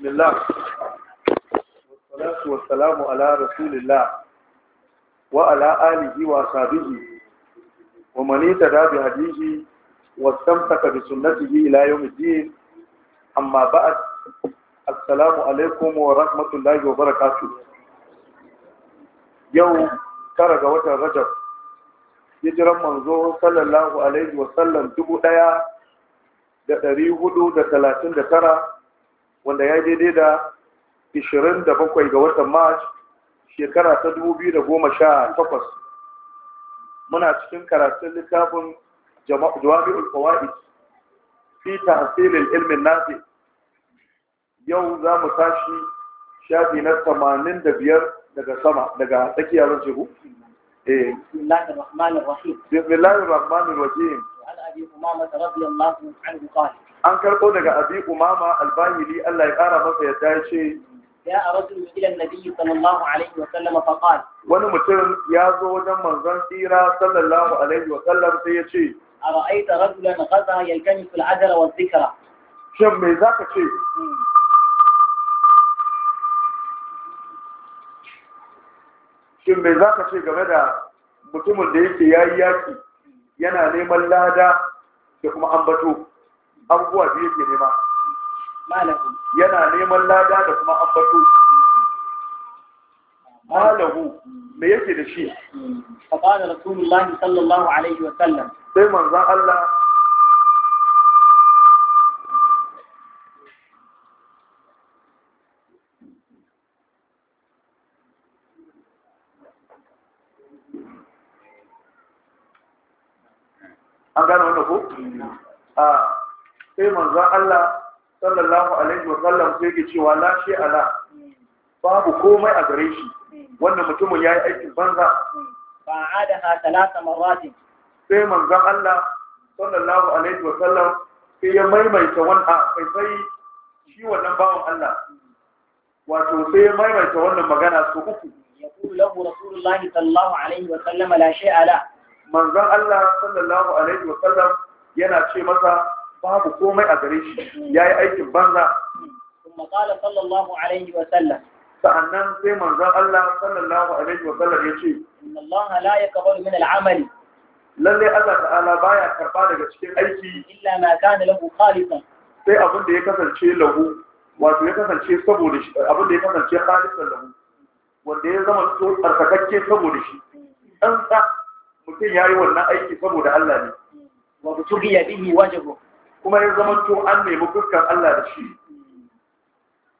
بسم الله والصلاة والسلام على رسول الله وعلى آله وصحبه ومن اهتدى بهديه واستمسك بسنته إلى يوم الدين أما بعد السلام عليكم ورحمة الله وبركاته يوم ترك وجه الرجب hijiran manzo sallallahu alaihi wasallam dubu ɗaya da ɗari hudu da talatin da tara wanda ya daidai da 27 ga watan march shekara ta 2018 muna cikin karatun littafin jawabi'ul fawaid fi tahsilil ilmin nafi yau za mu tashi shafi na 85 daga sama daga tsakiya zan ce ku بسم الله الرحمن الرحيم بسم الله الرحمن الرحيم وعن ابي امامه رضي الله عنه قال an karɓo daga abi umama albahili Allah ya ƙara masa yadda ya ce ya a rajulu ila nabiyyi sallallahu alaihi wa sallam fa qala wani mutum ya zo wajen manzon tsira sallallahu alaihi wa sallam sai ya ce ara'aita rajulan ghadha yalkanisu al-ajra wa dhikra shin me zaka ce shin me zaka ce game da mutumin da yake yayi yaki yana neman lada da kuma ambato abubuwa da yake nema yana neman lada da kuma abbatu malahu me yake da shi fa qala rasulullah sallallahu alaihi wa sallam sai manzon Allah an gane wanda ko mm. a ah, sai manzan Allah sallallahu alaihi wa sallam sai ke cewa la shi ala babu komai a gare shi wannan mutumin yayi aikin banza Ba ha thalatha marratin sai manzan Allah sallallahu alaihi wa sallam sai ya maimaita wannan sai sai shi wannan bawon Allah wato sai ya maimaita wannan magana su uku yaqulu lahu rasulullahi sallallahu alaihi wa sallam la shay'a la manzon Allah sallallahu alaihi wa sallam yana ce masa babu komai a gare shi ya yi aikin banza kuma kala sallallahu alaihi wa sallam sa'annan sai manzan Allah sallallahu alaihi wa sallam ya ce inna Allah la yaqbalu min al-amali lalle Allah ta'ala ba ya karɓa daga cikin aiki illa ma kana lahu khalisan sai abin da ya kasance lahu wato ya kasance saboda shi abin da ya kasance khalisan lahu wanda ya zama to tsarkakakke saboda shi dan sa mutum yi wannan aiki saboda Allah ne wa tuqiya bihi wajhu kuma ya zama to an nemi fuskar Allah da shi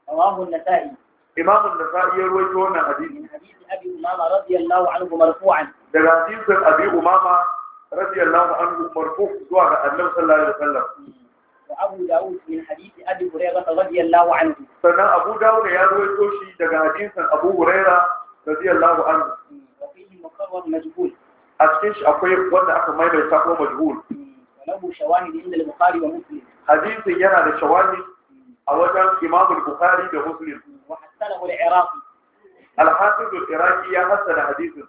rawahu an-nasa'i imam nasai ya rawaito wannan hadisi hadisi abi umama radiyallahu anhu marfu'an daga hadisin abi umama radiyallahu anhu marfu' zuwa ga annabi sallallahu alaihi wasallam وأبو داود من حديث أبي هريرة رضي الله عنه سنة أبو داود يا روي توشي دقا حديث أبو هريرة رضي الله عنه وفيه A cikin shi akwai wanda aka maimaita يبقى مجهول وله شواهد عند البخاري ومسلم حديث ينا ده شواهد أولا إمام البخاري ده مسلم وحسنه العراقي الحافظ العراقي حسن حديثه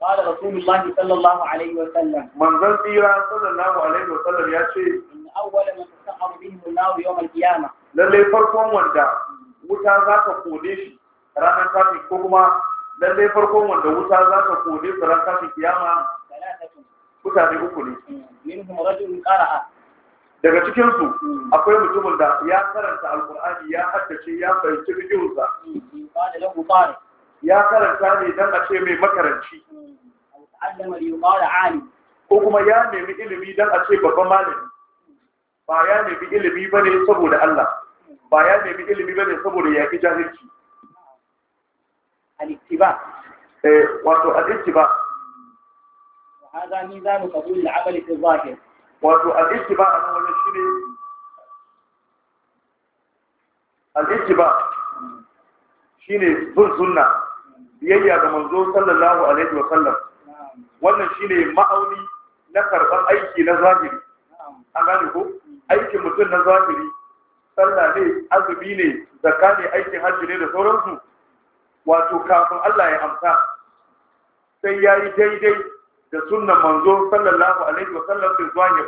قال رسول الله صلى الله عليه وسلم من ذا تيرا صلى الله عليه وسلم يا شيخ إن أول من تسحر به النار يوم القيامة للي فرقون وندا وتا ذاك قوديش رانا كافي كوما للي فرقون وندا وتا ذاك قوديش رانا كافي قيامة mutane uku ne daga cikin hmm. akwai mutumin da ya karanta Alƙur'ani, ya haddace ya fahimci rikinsa. Hmm. ya karanta ne dan a ce mai makaranci ko kuma ya nemi ilimi dan a ce babban malami ba ya nemi ilimi ne saboda Allah ba ya nemi ilimi ne saboda yaki jahilci al-ittiba eh wato al هذا ميزان قبول العمل في الظاهر والاتباع أنا ولا شيء الاتباع shine bin sunna biyayya ga manzo sallallahu alaihi wa sallam wannan shine ma'auni na karban aiki na zahiri an gane ko aikin mutum na zahiri sallah ne azumi ne zakka ne aikin hajji ne da sauransu wato kafin Allah ya amsa sai yayi daidai da sunan manzo sallallahu alaihi wa sallam fi zuwanya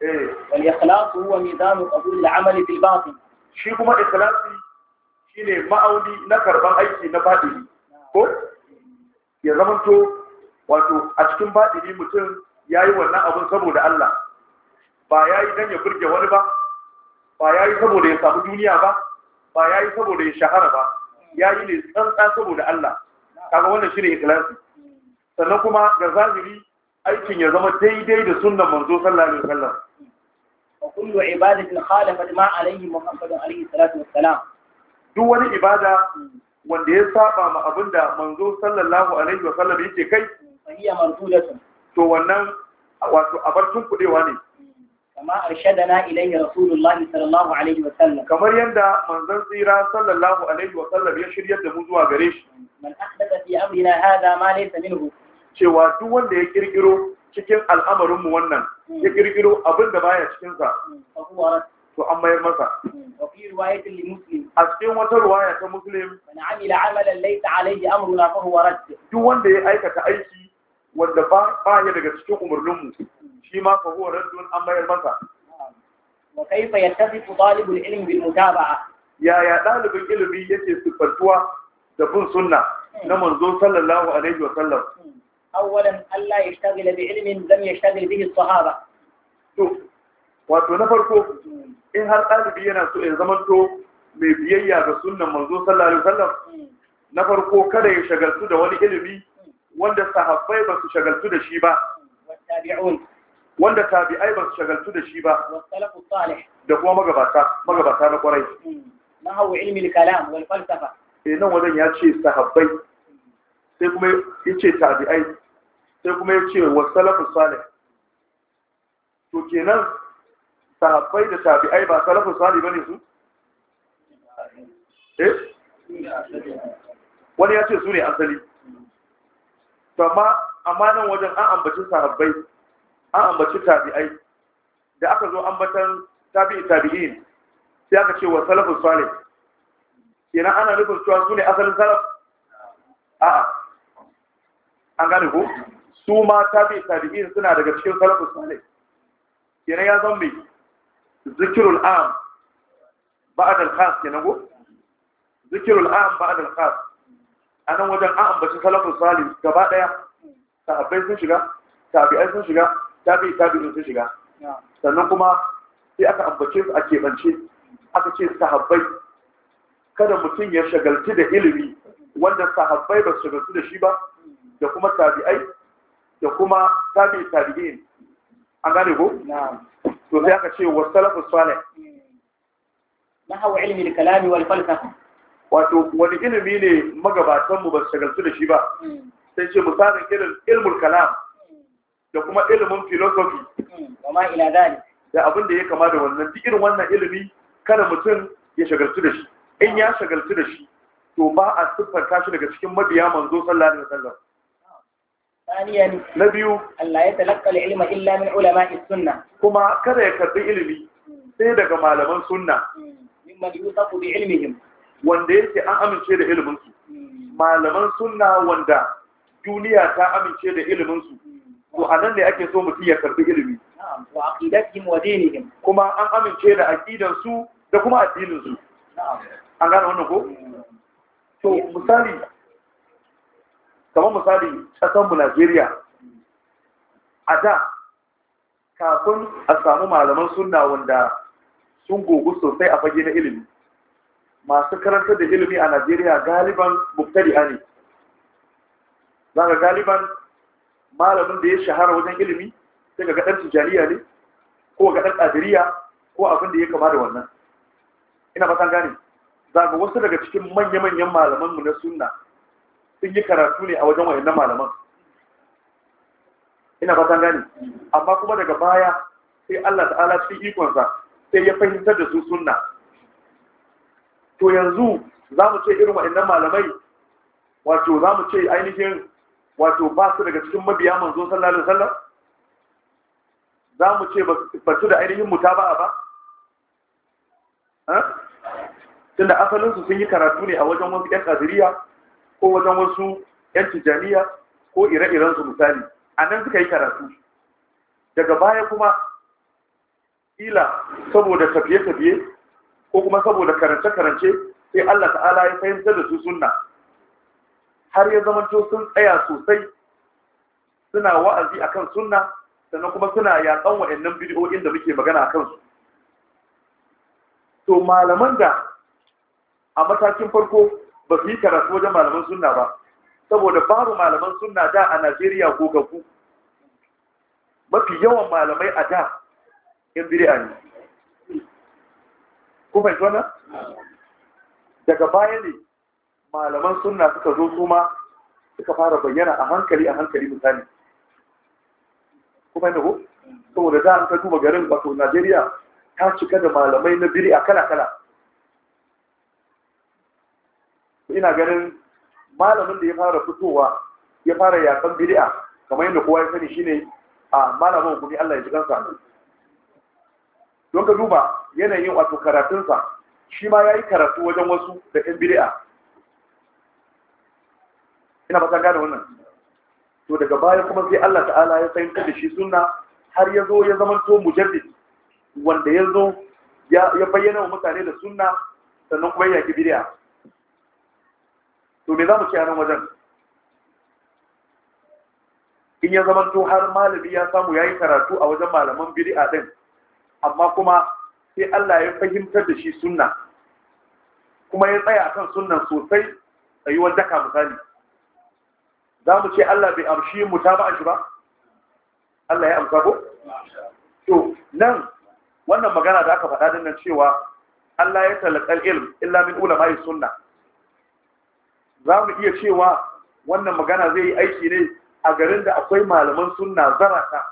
eh wal ikhlas huwa mizan qabul al-amal bil batin shi kuma ikhlasi shine ma'auni na karban aiki na batini ko ya zamanto wato a cikin batini mutum yayi wannan abun saboda Allah ba yayi dan ya burge wani ba ba yayi saboda ya samu duniya ba ba yayi saboda ya shahara ba yayi ne tsantsa saboda Allah kaga wannan shine ikhlasi sannan kuma ga zahiri aikin ya zama daidai da sunan manzo sallallahu alaihi wasallam wa kullu ibadatin khalafat ma alaihi muhammadun alaihi salatu wassalam duk wani ibada wanda ya saba ma abinda manzo sallallahu alaihi wasallam yake kai fahiya mardudatun to wannan wato abartun kudewa ne kama arshadana ilayhi rasulullahi sallallahu alaihi wasallam kamar yanda manzon tsira sallallahu alaihi wasallam ya shiryar da mu zuwa gare shi man ahdatha fi amrina hadha ma laysa minhu cewa duk wanda ya kirkiro cikin al'amarinmu wannan hmm. ya kirkiro abin da baya sa, hmm. to an mayar masa hmm. a cikin wata ruwaya ta muslim duk wanda ya aikata aiki wanda ba ya daga cikin umarninmu shi ma fa huwa raddun an mayar masa wa kaifa yattasifu talibul ilmi bil mutaba'a ya ya dalibin ilimi yake sifantuwa da bin sunna na manzo sallallahu alaihi wa sallam أولا ألا يشتغل بعلم لم يشتغل به الصحابة wato na farko in har ɗalibi yana so ya zamanto mai biyayya ga sunnan manzo sallallahu alaihi na farko kada ya shagaltu da wani ilimi wanda sahabbai ba su shagaltu da shi ba wanda tabi'ai ba shagaltu da shi ba da kuma magabata na kwarai na hawa ilmi kalam wal falsafa nan wajen ya ce sahabbai sai kuma ya ce tabi'ai sai kuma ya ce wa salafus salih to kenan sahabbai da tabi'ai ba salafus salih bane su eh wani ya ce su ne asali to amma amma nan wajen an ambaci sahabbai an ambaci tabi'ai da aka zo ambatan tabi'i tabi'in sai aka ce wa salafin salih kenan ana nufin cewa su ne asalin salaf a'a an gane ko su ma ta tabi tabi'in suna daga cikin salafus salih kenan ya zan mai zikirul am ba'ad al-khas kenan ko zikirul am ba'ad al-khas anan wajen an ambaci salafus salih gaba daya sahabbai sun shiga tabi'ai sun shiga tabi'i tabi'in sun shiga sannan kuma sai aka ambace su a keɓance aka ce sahabbai kada mutum ya shagalci da ilimi wanda sahabbai ba su shagaltu da shi ba da kuma tabi'ai da kuma tabi'i tabi'in an gane ko to sai aka ce wa salafus salih hawa ilmi da kalami wal falsafa wato wani ilimi ne magabatan mu ba su shagaltu da shi ba hmm. sai ce misalin irin ilmul kalam da kuma ilimin philosophy hmm. wa ma ila dali da abin da ya kama da wannan duk irin wannan ilimi kada mutum ya shagaltu da shi in ya shagaltu da shi to ba a siffar shi daga cikin mabiya manzo sallallahu alaihi wasallam ثانيا نبيو ألا يتلقى العلم إلا من علماء السنة كما كذا يكربي علمي سيدك معلمان سنة ممن يوثق بعلمهم wanda yake an amince da iliminsu malaman sunna wanda duniya ta amince da iliminsu to a nan ne ake so mutum ya karbi ilimi wa aqidatihim wa dinihim kuma an amince da aqidan su da kuma addinin su an gane wannan ko to misali kamar misali ƙasarmu najeriya a da kafin a samu malaman sunna wanda sun gogu sosai a fage na ilimi masu karanta da ilimi a najeriya galiban muftari'a ne za ka galiban malamin da ya shahara wajen ilimi sai ga ɗan tijjaniya ne ko ga ɗan ƙadiriya ko abin da ya kama da wannan ina fatan gane za ga wasu daga cikin manya-manyan malamanmu na sunna sun yi karatu ne a wajen wayannan malaman ina ba san gani amma kuma daga baya sai Allah ta'ala cikin ikonsa sai ya fahimtar da su sunna to yanzu za mu ce irin wayannan malamai wato za mu ce ainihin wato ba su daga cikin mabiya manzo sallallahu alaihi wasallam za mu ce ba su da ainihin mutaba'a ba tunda asalinsu sun yi karatu ne a wajen wasu 'yan kadiriya ko wajen wasu yan jami'a ko ire-iren su misali a nan suka yi karatu daga baya kuma ila saboda tafiye-tafiye ko kuma saboda karance-karance sai Allah ta'ala ya fahimtar da su sunna har ya zamanto sun tsaya sosai suna wa'azi akan sunna sannan kuma suna yatsan wa'annan bidiyoyin da muke magana akan su to malaman da a matakin farko ba su yi karatu wajen malaman suna ba saboda babu malaman suna da a najeriya gogaggu mafi yawan malamai a da yan biriya ne kuma ita wannan daga baya ne malaman suna suka zo kuma suka fara bayyana a hankali a hankali misali kuma ne saboda za a ka duba garin wato najeriya ta cika da malamai na biri a kala-kala ina ganin malamin da ya fara fitowa ya fara yakan bid'a kamar yadda kowa ya sani shine a malamin kuma Allah ya ji kansa don ka duba yanayin wato karatunsa shi ma ya yi karatu wajen wasu da yan bid'a ina fata gane wannan to daga baya kuma sai Allah ta'ala ya san kada shi sunna har ya zo ya zamanto mujaddid wanda ya zo ya bayyana wa mutane da sunna sannan kuma ya yaki bid'a to me za mu ci a nan wajen in ya zama to har malami ya samu ya yi karatu a wajen malaman bid'a din amma kuma sai Allah ya fahimtar da shi sunna kuma ya tsaya akan sunnan sosai tsayuwar daka misali za mu ce Allah bai amshi mu ta ba shi ba Allah ya amsa ko to nan wannan magana da aka faɗa din nan cewa Allah ya talaqal ilm illa min ulama'i sunna za mu iya cewa wannan magana zai yi aiki ne a garin da akwai malaman sunna zarata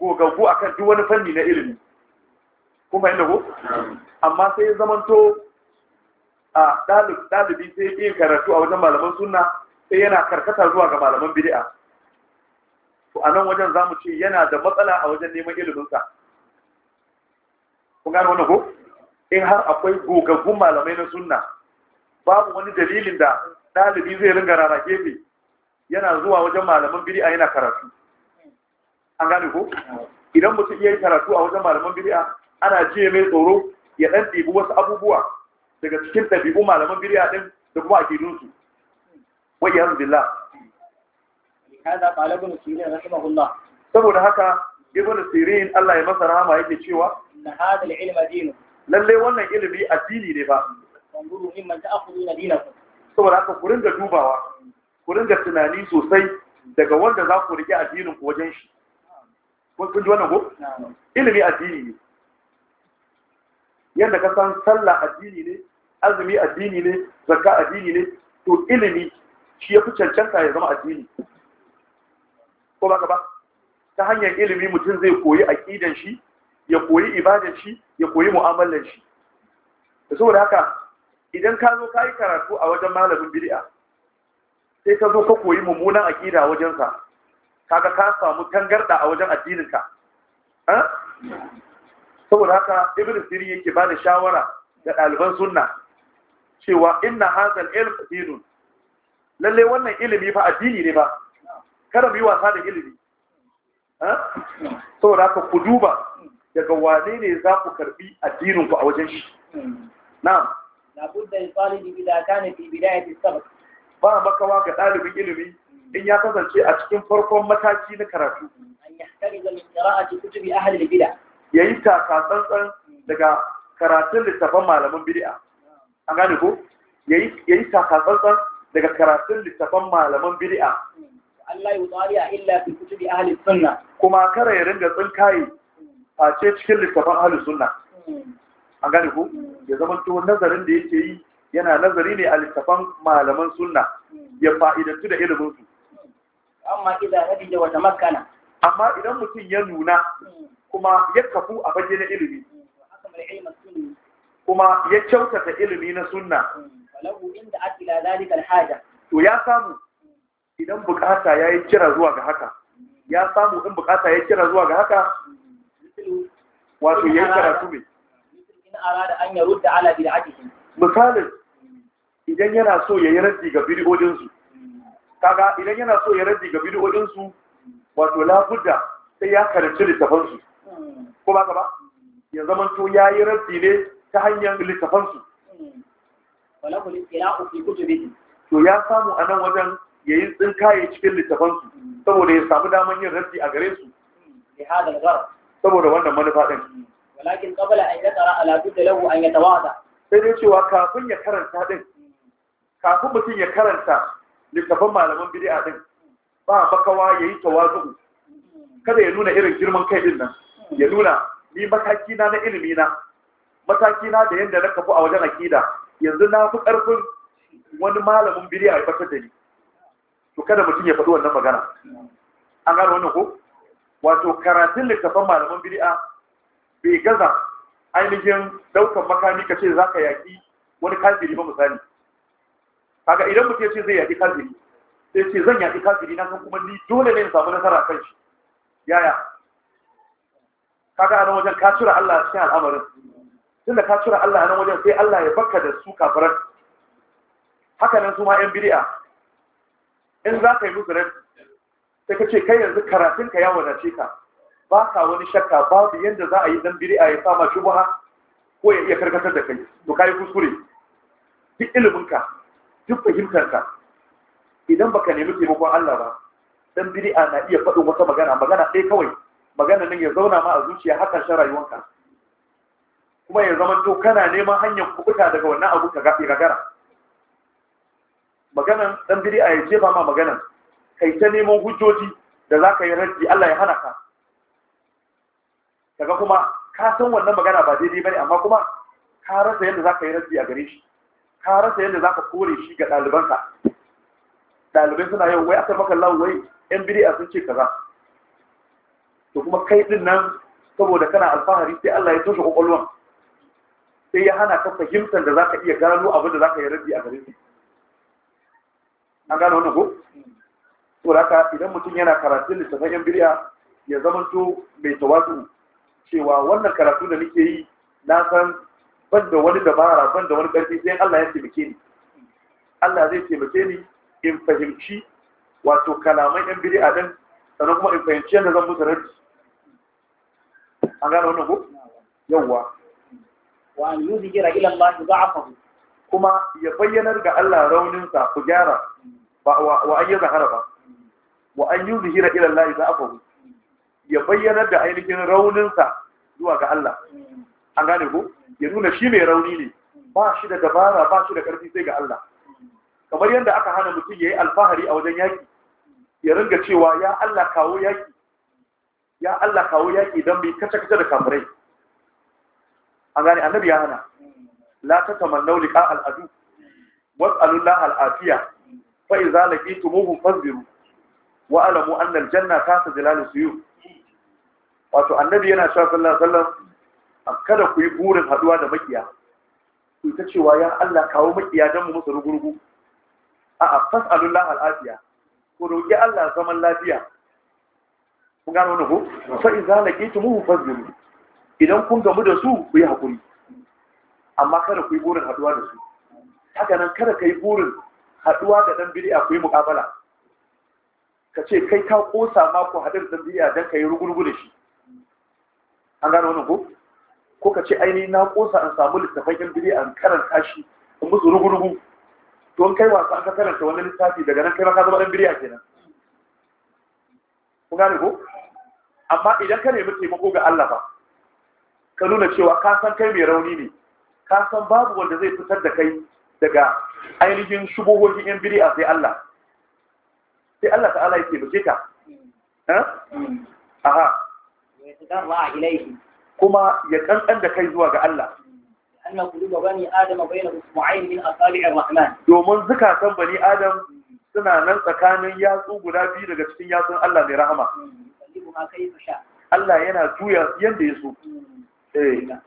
gogaggu a kan duk wani fanni na ilimi kuma inda ko amma sai ya zamanto a ɗalibi sai ya karatu a wajen malaman sunna sai yana karkata zuwa ga malaman bid'a to a nan wajen za mu ce yana da matsala a wajen neman iliminsa kun gane wani ko in har akwai gogaggun malamai na sunna babu wani dalilin da ɗalibi zai ringa rara gefe yana zuwa wajen malaman biri'a yana karatu an gane ko idan mutum iya yi karatu a wajen malaman biri'a ana jiye mai tsoro ya dan ɗibi wasu abubuwa daga cikin ɗabi'u malaman biria ɗin da kuma dunsu wai ya la saboda haka ibn sirin Allah ya masa rahama yake cewa lallai wannan ilimi addini ne ba wanzuru mimman ta'khuduna dinakum saboda haka ku ringa dubawa ku ringa tunani sosai daga wanda za ku rike addinin ku wajen shi kun ji wannan ko ilimi addini ne yadda ka san sallah addini ne azumi addini ne zakka addini ne to ilimi shi ya fi cancanta ya zama addini ko ba ka ba ta hanyar ilimi mutum zai koyi aƙidan shi ya koyi ibadan shi ya koyi mu'amalan shi da saboda haka idan ka zo ka yi karatu a wajen malamin bid'a sai ka zo ka koyi mummunan aƙida wajensa kaga ka samu tangarda a wajen addininka saboda haka ibn siri yake ba da shawara ga ɗaliban sunna cewa inna hazal ilm dinun lalle wannan ilimi fa addini ne ba kada mu yi wasa da ilimi saboda haka ku duba daga wane ne za ku karbi addinin ku a wajen shi na'am labudda li talibi idza kana fi bidayati sabaq ba makawa ga ɗalibin ilimi in ya kasance a cikin farkon mataki na karatu an yahtariza min qira'ati kutubi ahli al-bid'a yayi taka tsantsan daga karatun littafan malaman bid'a an gane ko yayi yayi taka tsantsan daga karatun littafan malaman bid'a Allah ya a illa fi kutubi ahli sunna kuma kare ya ringa tsinkaye face cikin littafan ahli sunna hmm. a galibu ya zama to nazarin da yake yi yana nazari ne a littafan malaman sunna ya fa'idantu da ilimin su amma idan rabi da wata makana amma idan mutum ya nuna kuma ya kafu a bage na ilimi kuma ya kyautata ilimi na sunna to ya samu idan bukata ya yi kira zuwa ga haka ya samu in bukata ya kira zuwa ga haka wato ya yi karatu mai arada an yarudda ala bid'atihi misalin idan yana so ya yi raddi ga bid'o'in su kaga idan yana so ya raddi ga bid'o'in wato labudda sai ya karanci littafansu, ko ba ka ba ya zaman to ya yi raddi ne ta hanyar littafansu, to ya samu a nan wajen ya yi tsinkaye cikin littafansu saboda ya samu daman yin raddi a gare su saboda wannan manufa ɗin walakin qabla an yaqra ala budda lahu an yatawadda sai dai cewa kafin ya karanta din kafin mutum ya karanta littafin malaman bid'a din ba bakawa yayi tawazu kada ya nuna irin girman kai din nan ya nuna ni mataki na na ilimi na mataki na da yanda na kafu a wajen akida yanzu na fi karfin wani malamin bid'a ya fatar da ni to kada mutum ya faɗi wannan magana an gano wannan ko wato karatun littafin malaman bid'a bai gaza ainihin daukan makami ka ce za ka yaƙi wani kafiri ba misali kaga idan mutum ce zai yaƙi kafiri sai ce zan yaƙi kafiri na san kuma ni dole ne in samu nasara kan shi yaya kaga a nan wajen ka cire Allah a cikin al'amarin tunda ka cire Allah a nan wajen sai Allah ya baka da su kafiran haka nan su ma yan bid'a in za ka yi musu sai ka ce kai yanzu karatun ka ya wadace ka ba ka wani shakka babu yadda za a yi dan biri'a ya sama shubha ko ya iya karkatar da kai to kai kuskure duk iliminka duk fahimtarka idan baka nemi taimakon Allah ba dan biri'a na iya faɗin wata magana magana sai kawai magana nan ya zauna ma a zuciya haka shan rayuwanka kuma ya zama to kana neman hanyar kubuta daga wannan abu ka gafi gagara maganan dan biri'a ya jefa ma maganan kai ta neman hujjoji da zaka yi raddi Allah ya hana ka daga kuma ka san wannan magana ba daidai bane amma kuma ka rasa yadda zaka yi rabbi a gare shi ka rasa yadda zaka kore shi ga ɗalibanka ɗalibai suna yau wai aka maka lawo wai yan bid'a sun ce kaza to kuma kai din nan saboda kana alfahari sai Allah ya toshe kokolwan sai ya hana ka fahimtar da zaka iya gano abin da zaka yi rabbi a gare shi an gano wannan ko to haka idan mutum yana karatun littafin yan bid'a ya zamanto mai tawazu cewa wannan karatu da nake yi na san ban da wani dabara ban da wani ƙarfi sai Allah ya taimake ni Allah zai taimake ni in fahimci wato kalaman yan bid'a din sannan kuma in fahimci yadda zan mutu rabi an gane wannan ko yawwa wa an yuzhira ila Allah da'afahu kuma ya bayyanar ga Allah raunin sa ku gyara ba wa an yuzhara ba wa an yuzhira ila Allah da'afahu ya bayyanar da ainihin raunin sa zuwa ga Allah an gane ko ya nuna shi mai rauni ne ba shi da dabara ba shi da karfi sai ga Allah kamar yadda aka hana mutum ya yi alfahari a wajen yaƙi, ya ringa cewa ya Allah kawo yaki ya Allah kawo don bai kace kace da kafirai an gane annabi ya hana la tatamannu liqa al-adu was'alu Allah al-afiya fa idza laqitumuhum fasbiru wa alamu anna al-janna tahta zilalu suyuf wato annabi yana sha sallallahu alaihi wasallam kada ku yi burin haduwa da makiya ku ta cewa ya Allah kawo makiya dan mu musu rugurugu a a fasalullah al'afiya ku roki Allah zaman lafiya kun gano ne ko fa idza laqitumuhu fazlu idan kun gamu da su ku yi hakuri amma kada ku yi burin haduwa da su haka nan kada ka yi burin haduwa da dan bidiya ku yi muqabala ka ce kai ka kosa ma ku hadar dan bidiya dan ka yi rugurugu da shi an gano wannan ko ko ka ce ainihin na kosa an samu littafan yan biri an karan shi in musu rugurugu to an kai wasu an ka karanta wani littafi daga nan kai ma ka zama biri a kenan ku gane ko amma idan ka nemi taimako ga Allah ba ka nuna cewa ka san kai mai rauni ne ka san babu wanda zai fitar da kai daga ainihin shubohohin yan a sai Allah sai Allah ta'ala ya taimake ka eh? mm. aha yatadarra ilayhi kuma ya kankan da kai zuwa ga Allah anna quluba bani adama bayna usbu'ayn min asabi'ir rahman domin zukatan bani adam suna nan tsakanin yatsu guda biyu daga cikin yatsun Allah mai rahama Allah yana juya yanda ya so eh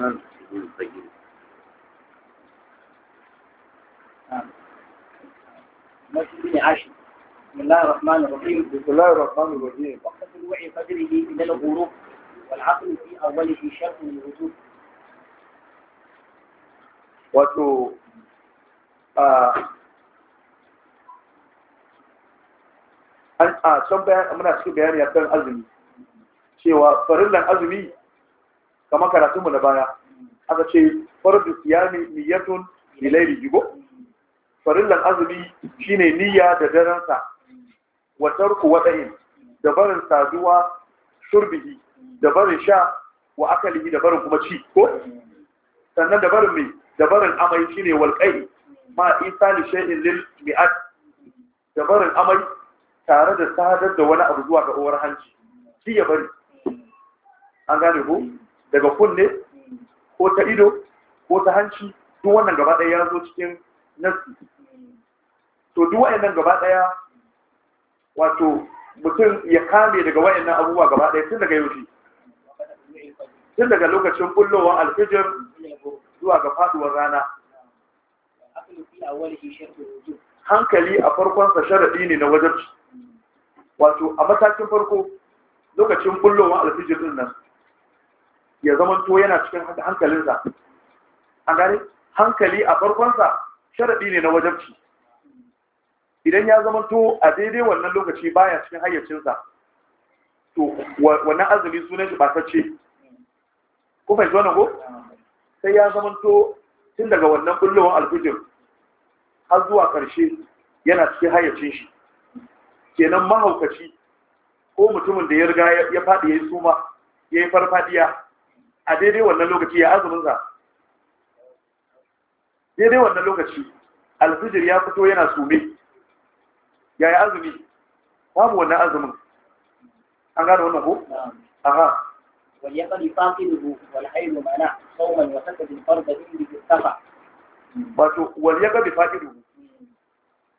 نعم طيب نعم بسم الله الرحمن الرحيم بسم الله الرحمن الرحيم وقت الوعي قدره من الغروب والعقل في أوله شرط الوجود wato a can muna cikin bayani يا ترى azumi cewa farillan azumi kamar karatunmu na baya aka ce fardu siyami niyyatun lilaili jibo farillan azumi shine niyya da daransa wa tarku wada'in da barin saduwa shurbihi da barin sha wa akalihi da barin kuma ci ko sannan da barin mai da barin amai shine walqai ma isa li shay'in lil mi'at da barin amai tare da sadar da wani abu zuwa ga uwar hanci shi ya bari an gane ko daga kunne ko ta ido ko ta hanci duk wannan gaba ɗaya ya zo cikin nasu. to duk wa'annan gaba ɗaya wato mutum ya kame daga wa'annan abubuwa gaba ɗaya tun daga yaushe tun daga lokacin bullowar alfijir zuwa ga faduwar rana hankali a farkonsa sharaɗi ne na wajen wato a matakin farko lokacin bullowar alfijir din nan ya zamanto yana cikin hankalinsa a gane hankali a farkonsa sharaɗi ne na wajabci idan ya to a daidai wannan lokaci baya cikin hayyacinsa to wannan azumi sunan shi batacce ko fahimci wannan ko sai ya zamanto tun daga wannan ɓullowar alfijir har zuwa ƙarshe yana cikin hayyacin shi kenan mahaukaci ko mutumin da ya riga ya faɗi ya yi suma ya yi farfadiya a daidai wannan lokaci ya azumin sa daidai wannan lokaci alfijir ya fito yana sume yaya azumi babu wannan azumin an gada wannan ko aha wal yaqli faqiduhu wal hayl mana sawman wa sakad al fard bi istafa wato wal yaqli faqiduhu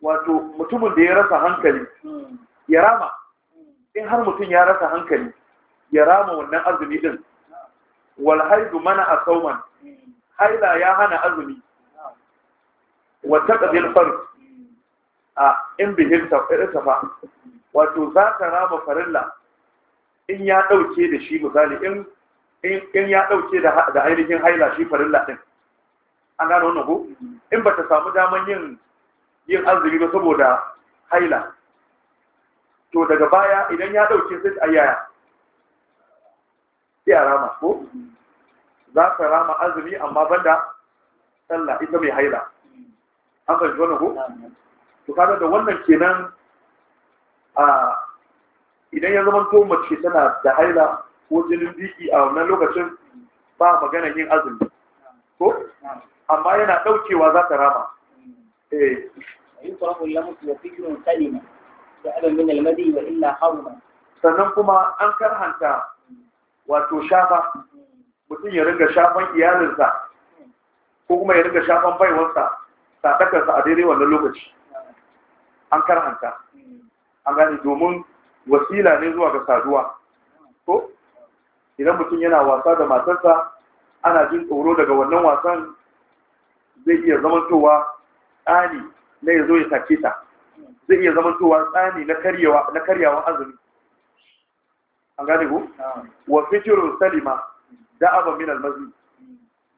wato mutumin da ya rasa hankali hmm. ya rama hmm. in har mutum ya rasa hankali ya rama wannan azumi din Walhaidu mana a sauman haila ya hana azumi wa taqdil fard a in bihil tafa wato za ka rama farilla in ya ɗauke da shi misali in ya ɗauke da ainihin haila shi farilla din an gano wannan ko in ba ta samu daman yin yin azumi ba saboda haila to daga baya idan ya ɗauke sai ta ayyaya. sai a rama ko za ka rama azumi amma banda sallah ita mai haila an fahimci wannan ko to kaga da wannan kenan a idan ya zama to mace tana da haila ko jinin biki a wannan lokacin ba magana yin azumi ko amma yana daukewa za ta rama eh. sannan kuma an karhanta wato shafa mutum ya ringa shafan iyalinsa ko kuma ya ringa shafan baiwarsa sadakarsa a daidai wannan lokaci an karhanta an gani domin wasila ne zuwa ga saduwa ko idan mutum yana wasa da matarsa ana jin tsoro daga wannan wasan zai iya zamantowa tsani na ya zo ya sake ta zai iya zamantowa tsani na karyawa azumi an gane ku wa fikirun salima da aba min almazi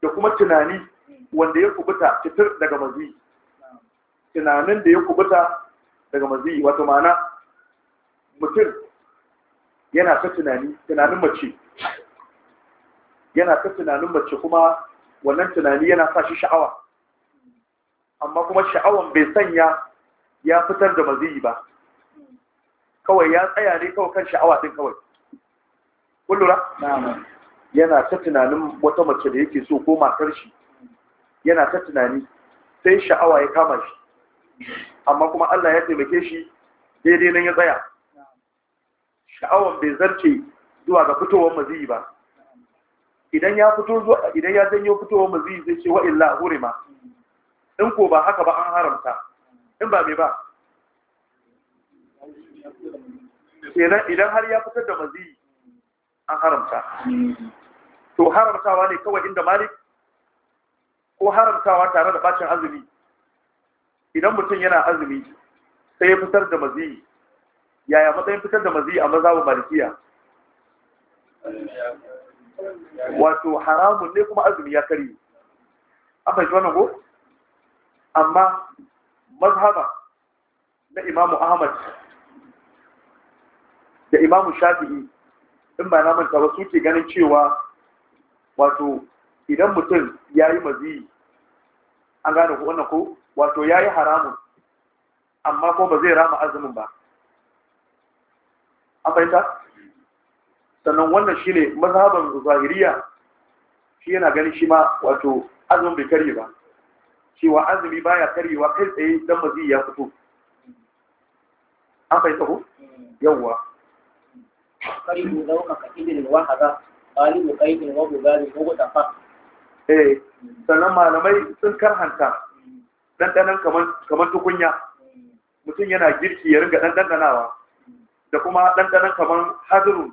da kuma tunani wanda ya kubuta fitir daga mazi tunanin da ya kubuta daga mazi wato ma'ana mutum yana ta tunani tunanin mace yana ta tunanin mace kuma wannan tunani yana sa shi sha'awa amma kuma sha'awan bai sanya ya fitar da mazi ba kawai ya tsaya ne kawai kan sha'awa din kawai kullura yana ta tunanin wata mace da yake so ko matar shi yana ta tunani sai sha'awa ya kama shi amma kuma Allah ya taimake shi daidai nan ya tsaya sha'awan bai zarce zuwa ga fitowar maziyi ba idan ya fito zuwa idan ya janyo fitowar maziyi zai ce wa illa hurima in ko ba haka ba an haramta in ba me ba idan har ya fitar da maziyi an haramta to haramtawa ne kawai inda malik ko haramtawa tare da bacin azumi idan mutum yana azumi sai ya fitar da mazi yaya matsayin fitar da mazi a wa malikiya wato haramun ne kuma azumi ya kari an fahimci wannan ko amma mazhaba na imamu ahmad da imamu shafi'i in ba na manta ba suke ganin cewa wato idan mutum ya yi maziyi an gane ku wannan ko wato ya yi haramun amma ko ba zai rama azumin ba an fahimta sannan wannan shi ne mazhaban zahiriya shi yana ganin shi ma wato azumin bai karye ba cewa azumi baya karyewa kai tsaye don maziyi ya fito an fahimta ko mm. yawwa karibu zauka ka ibn wahaza qalibu qaidin ko bugali fa. eh sannan malamai sun karhanta dandanan kamar tukunya mutum yana girki ya ringa dan dandanawa da kuma dandanan kamar hadirun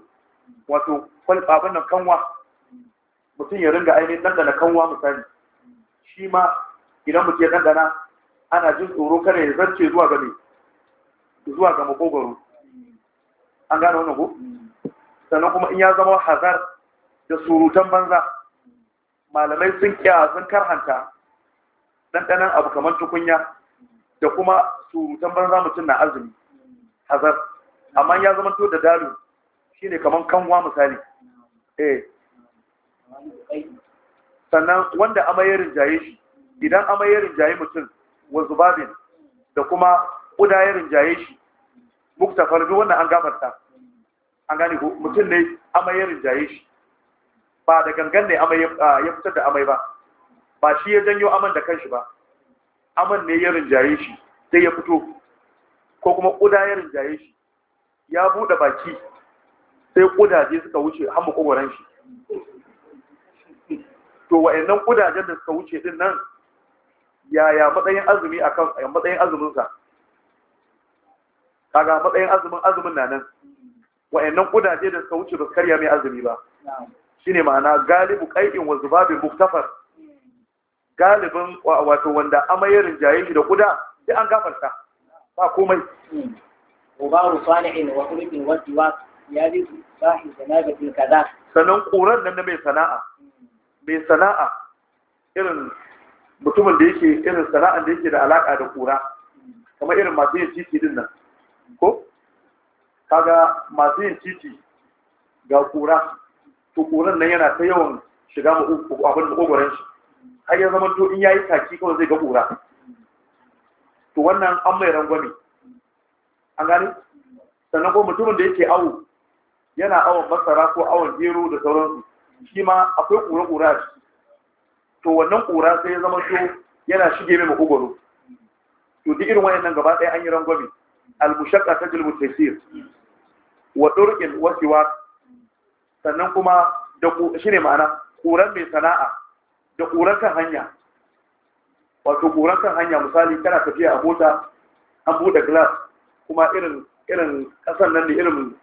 wato kwalbabin nan kanwa mutum ya ringa ainihin dandana kanwa misali shi ma idan mutum ya dandana ana jin tsoro kada ya zarce zuwa ga mai zuwa ga makogwaro an gane wani ko sannan kuma in ya zama hazar da surutan banza malamai sun kiya sun karhanta ɗanɗanan abu kamar tukunya da kuma surutan banza mutum na azumi hazar amma ya zama to da dalu shine kamar kanwa misali eh sannan wanda amaye rinjaye shi idan amaye rinjaye mutum wa zubabin da kuma ƙuda ya rinjaye shi Mukta duk wannan an gafarta an gane ko mutum ne amai ya rinjaye shi ba da gangan ne amai ya fitar da amai ba ba shi ya janyo aman da kanshi ba aman ne ya rinjaye shi sai ya fito ko kuma ƙuda ya rinjaye shi ya buɗe baki sai ƙudaje suka wuce har makogoran shi to wa'annan ƙudajen da suka wuce din nan yaya matsayin azumi akan matsayin azuminsa kaga matsayin azumin azumin na nan wa'annan kudaje da suka wuce ba karya mai azumi ba shine ma'ana galibu qai'in wa zubabin muktafar galibin wato wanda amaye rinjaye shi da kuda sai an gafarta ba komai hmm. ubaru salihin wa khulqin wa ya ji sahi zanabatin kaza sanan kuran nan mai sana'a hmm. mai sana'a irin mutumin da yake irin sana'an da yake da alaka da kura hmm. kamar irin masu yin titi din nan kaga masu yin titi ga kura to kuran nan yana ta yawan shiga abin da kogoron shi har ya zama to in yayi taki kawai zai ga kura to wannan an mai rangwame an gani? sannan ko mutumin da yake awo yana awon masara ko awon gero da sauransu shi ma akwai kura-kura to wannan kura sai ya zama to yana shige mai makogoro to duk irin wayannan gaba ɗaya an yi rangwame al-mushaqqa tajlibu taysir wa durqin wa sannan kuma da shi ne ma'ana ƙuran mai sana'a da ƙuran kan hanya wato ƙuran kan hanya misali kana tafiya a mota an buɗe glass kuma irin irin ƙasan nan ne irin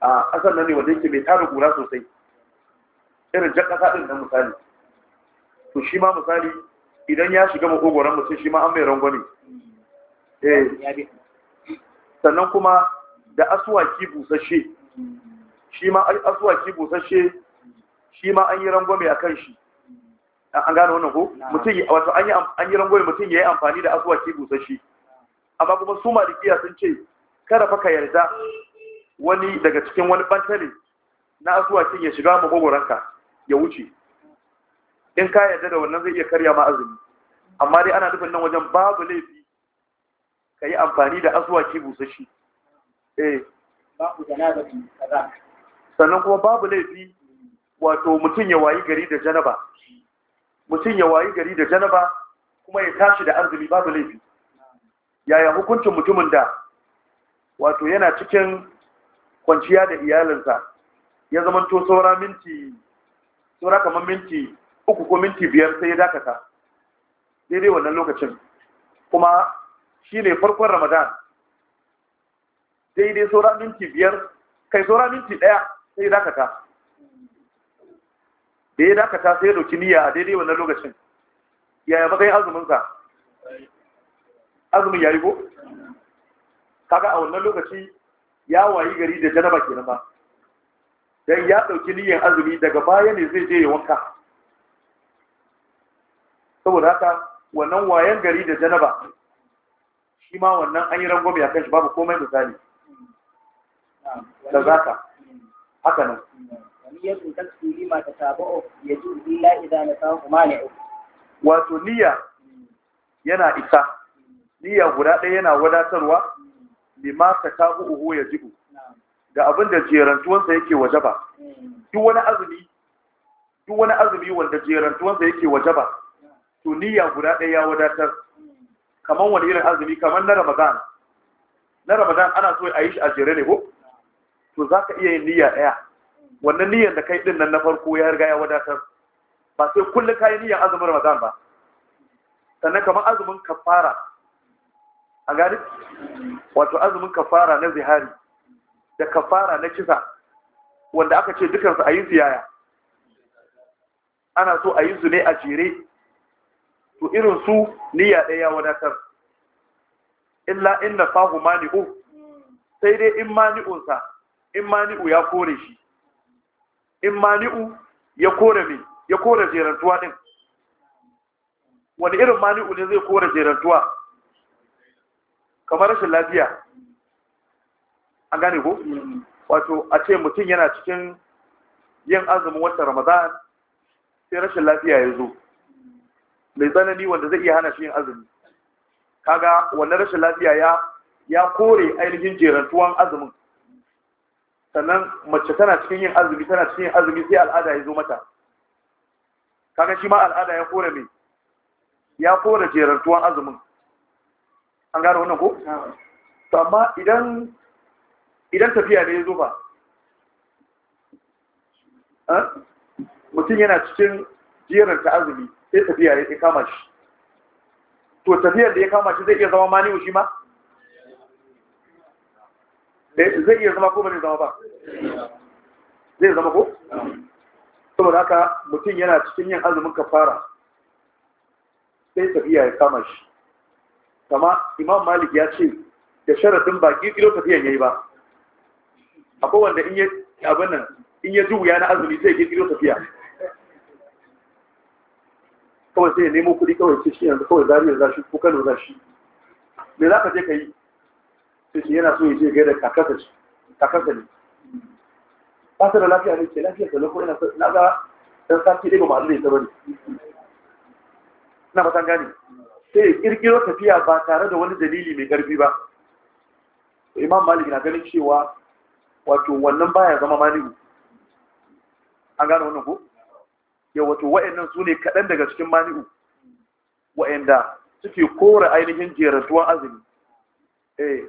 a ƙasan nan ne wanda yake mai tara ƙura sosai irin jan ƙasa ɗin nan misali to shi ma misali idan ya shiga makogoron mutum shi ma an mai rangwame eh. sannan kuma da asuwaki busashe shi ma asuwaki busashe shi ma an yi rangwame a kan shi an gane wannan ko mutum wato an yi rangwame mutum ya yi amfani da asuwaki busashe amma kuma su malikiya sun ce kada fa ka yarda wani daga cikin wani bantare na asuwakin ya shiga makogoranka ya wuce in ka yarda da wannan zai iya karya ma azumi amma dai ana nufin nan wajen babu laifi ka yi amfani da asuwaki busashe Eh. sannan kuma babu laifi wato mutum ya wayi gari da janaba mutum ya wayi gari da janaba kuma ya tashi da arzumi babu laifi yaya hukuncin mutumin da wato yana cikin kwanciya da iyalinsa ya zama to saura minti saura kamar minti uku ko minti biyar sai ya dakata daidai wannan lokacin kuma shi ne farkon ramadan daidai saura minti biyar kai saura minti ɗaya sai ya dakata da ya dakata sai ya ɗauki niyya a daidai wannan lokacin yaya matsayin azuminsa azumin ya yi ko kaga a wannan lokaci ya wayi gari da janaba kenan ba dan ya ɗauki niyyar azumi daga baya ne zai je ya wanka saboda haka wannan wayan gari da janaba shi ma wannan an yi rangwame a kan shi babu komai misali da ka haka nan niyyatun takfi ya tataba'u yaju illa idza nasahu mani'u wato niyya yana isa niyya guda ɗaya yana wadatarwa lima ya jibu da abin da jerantuwansa yake wajaba duk wani azumi duk wani azumi wanda jerantuwansa yake wajaba to niyya guda ɗaya ya wadatar kamar wani irin azumi kamar na ramadan na ramadan ana so a yi shi a jere ne ko za ka iya yin niyya ɗaya wannan niyyar da kai ɗin na farko ya riga ya wadatar ba sai kullum ka yi niyyar azumin ramadan ba sannan kamar azumin kafara a gani wato azumin kafara na zihari da kafara na kisa wanda aka ce dukansu a yi siyaya. ana so a yi su ne a jere to irin su niyya ɗaya wadatar illa inna fahu mani'u sai dai in mani'unsa in mani'u ya kore shi in mani'u ya kore me ya kore jerantuwa din wani irin mani'u ne zai kore jerantuwa kamar rashin lafiya an gane ko wato a ce mutum yana cikin yin azumin watan ramadan sai rashin lafiya ya zo mai tsanani wanda zai iya hana shi yin azumi kaga wannan rashin lafiya ya ya kore ainihin jerantuwan azumin sannan mace tana cikin yin azumi tana cikin yin azumi sai al'ada ya zo mata kaga shi ma al'ada ya kore mai ya kore jerantuwan azumin an gane wannan ko amma idan idan tafiya ne ya zo ba eh, mutum yana cikin jeranta azumi sai tafiya ya kama shi to tafiyar da ya kama shi zai iya zama mani shi ma Eh, zai iya zama ko ba zai zama ba zai zama ko saboda haka mutum yana cikin yin azumin kafara sai tafiya ya kama shi kama imam malik ya ce da sharadin ba ƙirƙiro tafiyan ya yi ba akwai wanda in yi abin nan in yi juya na azumi sai ƙirƙiro tafiya kawai sai ya nemo kuɗi kawai ce shi yanzu kawai zariya za shi ko kano za shi me za ka je ka yi sai shi yana so ya je gaida kakasa shi kakasa ne ba ta da lafiya ne ke lafiya da lokacin yana na ga dan sati dai ba ma'azu da ita bane ina san gane sai ya kirkiro tafiya ba tare da wani dalili mai karfi ba imam malik na ganin cewa wato wannan baya zama maliku an gane wannan ko ya wato wa'annan su ne kaɗan daga cikin mani'u wa'anda suke kora ainihin jeratuwan azumi eh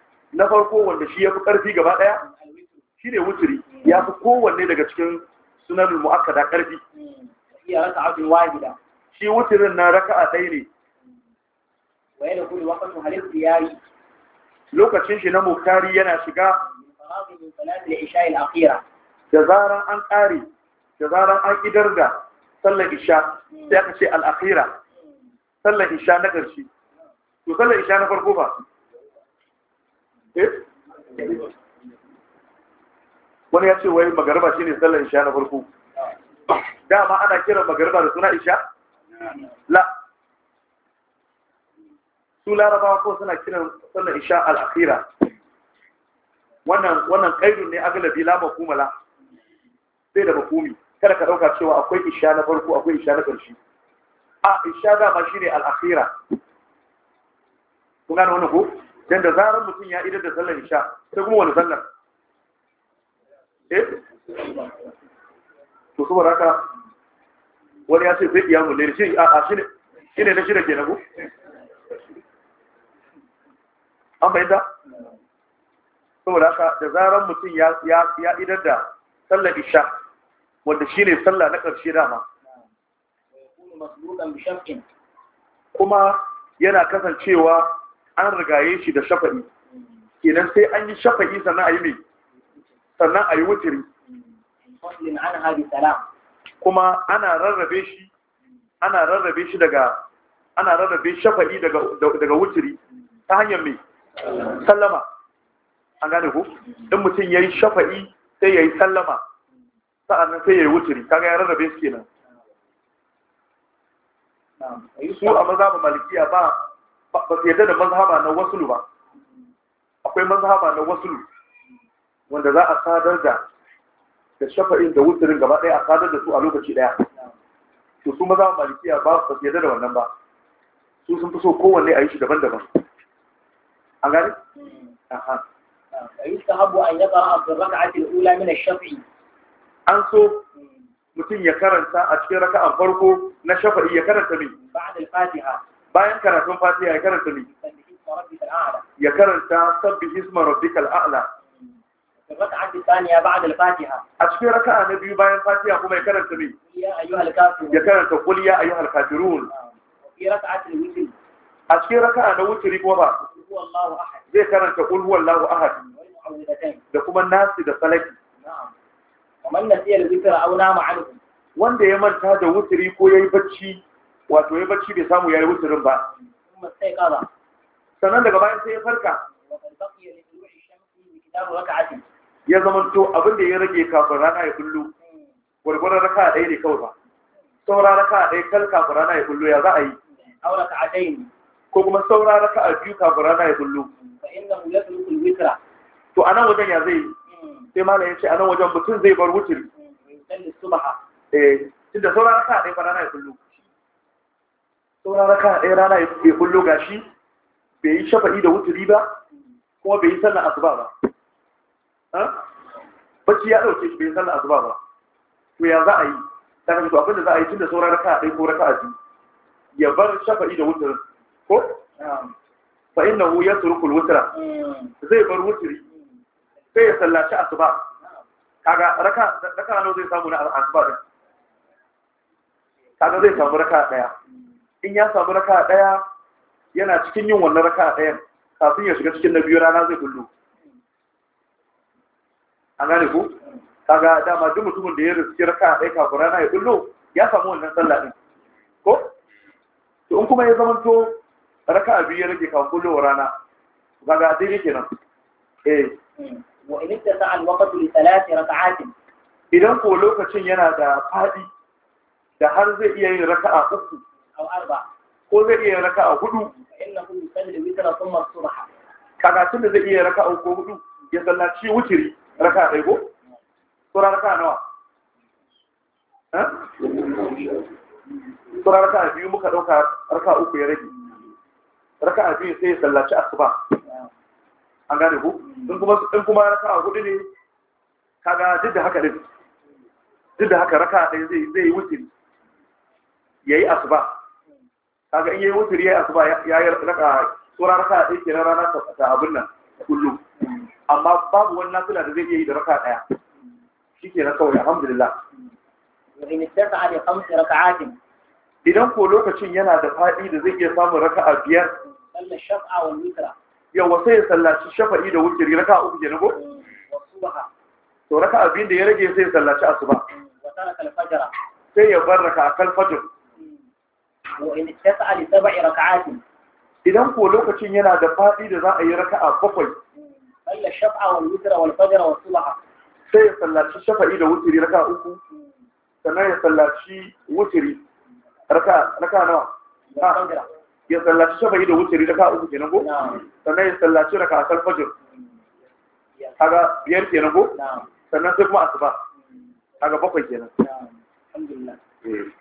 na farko wanda shi ya fi ƙarfi gaba ɗaya shi ne wuturi ya fi kowanne daga cikin sunanin da ƙarfi shi wuturin na a ɗaya ne lokacin shi na muktari yana shiga da zaran an ƙare da zaran an idar da sallar isha sai aka ce al'akira sallar isha na ƙarshe to sallar isha na farko ba Eh? wani ya ce wai magarba shi ne sallar isha na farko dama ana kiran magarba da suna isha? la su larabawa ko suna kiran sallar isha al'akira wannan ƙaidun ne agalabi la kumala. sai da makumi kada ka ɗauka cewa akwai isha na farko akwai isha na ƙarshe a isha dama shi ne al'akira kun na wani ko? yadda da zarar mutum ya idar da sallar isha sai kuma wani sallar eh to saboda haka wani ya ce zai iya ne shi a shi ne shi ne na da ke ko an da saboda haka da zarar mutum ya idar da sallar isha wanda shi ne sallar na ƙarshe dama kuma yana kasancewa an rigaye shi da shafa'i kenan sai an yi shafa'i sannan a yi mai sannan a yi wuturi kuma ana rarrabe shi ana rarrabe shi daga ana rarrabe shafa'i daga wuturi ta hanyar mai sallama an gane ku in mutum ya yi shafa'i sai ya yi sallama sa'annan sai ya yi wuturi. kaga ya rarrabe su kenan su a maza ba malikiya ba ba su yadda da mazhaba na wasulu ba akwai mazhaba na wasulu wanda za a sadar da da shafa'in da wutsirin gaba ɗaya a sadar da su a lokaci ɗaya to su mazhaba malikiya ba su yadda da wannan ba su sun fi so kowanne a yi shi daban-daban an gani? يستحب an so mutum ya karanta a cikin raka'an farko na shafa'i ya karanta min ba'da al-fatiha bayan karatun fatiha ya karanta ne ya karanta sabbi hisma rabbikal a'la a cikin raka'a na biyu bayan fatiha kuma ya karanta ne ya karanta qul a ayyuhal kafirun a cikin raka'a na wutri kuma ba zai karanta qul lahu ahad da kuma nasi da salaki wanda ya manta da wutri ko ya yi bacci wato ya bacci bai samu ya yi wuturin ba sannan daga bayan sai ya farka ya zama to abin da ya rage kafin rana ya kullu hmm. gwargwaron raka ɗaya ne kawai ba saura raka ɗaya kal kafin rana ya kullu ya za a yi ko kuma saura raka a biyu kafin rana ya kullu to a nan wajen ya zai hmm. sai malam ya ce a nan wajen mutum zai bar wuturi hmm. eh tunda saura raka ɗaya fa rana ya kullu sauran raka ɗaya rana ya kullo gashi bai yi shafa'i da wuturi ba kuma bai yi sallar asuba ba bacci ya ɗauke shi bai yi sallar asuba ba to ya za a yi ta kan abin da za a yi tun sauran raka ɗaya ko raka biyu ya bar shafa'i da wuturin ko fa inna hu yatruku al-wutra hmm. zai bar wuturi sai ya sallaci asuba kaga raka raka nawa zai samu na asuba din kaga zai samu raka daya hmm. in ya samu raka ɗaya yana cikin yin wannan raka ɗayan kafin ya shiga cikin na biyu rana zai kullu an gane ku kaga dama duk mutumin da ya riski raka ɗaya kafin rana ya kullu ya samu wannan sallah ɗin ko to in kuma ya zama to raka biyu ya rage kafin kullu rana kaga daidai kenan eh wa in ta ta'al waqtu li thalath raka'atin idan ko lokacin yana da fadi da har zai iya yin raka'a uku ko zai iya raka a hudu karatun da zai iya raka a ko hudu ya sallaci wuturi raka ɗaya ko sura raka nawa sura raka a biyu muka ɗauka raka uku ya rage raka a biyu sai ya sallaci asuba an gane ku in kuma raka a hudu ne kaga duk da haka din duk da haka raka ɗaya zai yi ya yi asuba kaga in yayi wuturi yayi asuba ya yi raka tsora raka ɗaya kenan rana ta abin nan kullum amma babu wani nafila da zai iya yi da raka ɗaya shi ke na kawai alhamdulillah idan ko lokacin yana da faɗi da zai iya samun raka'a biyar yawa sai ya sallaci shafa'i da wuturi raka uku ke nago? to raka abin da ya rage sai ya sallaci asuba sai ya baraka raka a li raka'atin idan ko lokacin yana da fadi da za a yi raka'a bakwai wal witra wal fajr wa sai ya sallaci shafa'i da wutiri raka'a uku sannan ya sallaci wutiri raka'a nawa ya sallaci shafa'i da wutiri raka'a uku kenan ko sannan ya sallaci raka'a al-fajr kaga biyar kenan ko sannan sai kuma asuba kaga bakwai kenan alhamdulillah eh.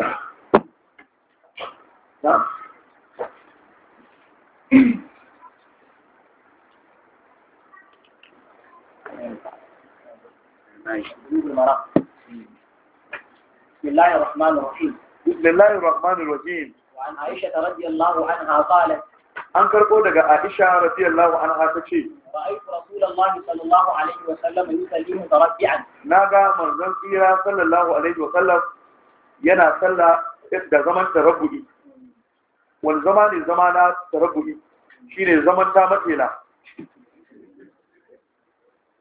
نعم بسم الله الرحمن الرحيم وعن عائشة رضي الله عنها قالت an karbo daga Aisha radiyallahu anha ta ce ra'aytu Rasulullah sallallahu wa sallam manzon tsira sallallahu alaihi wa yana sallah da zaman tarabbu'i wani zama ne zama na shi ne zaman ta matela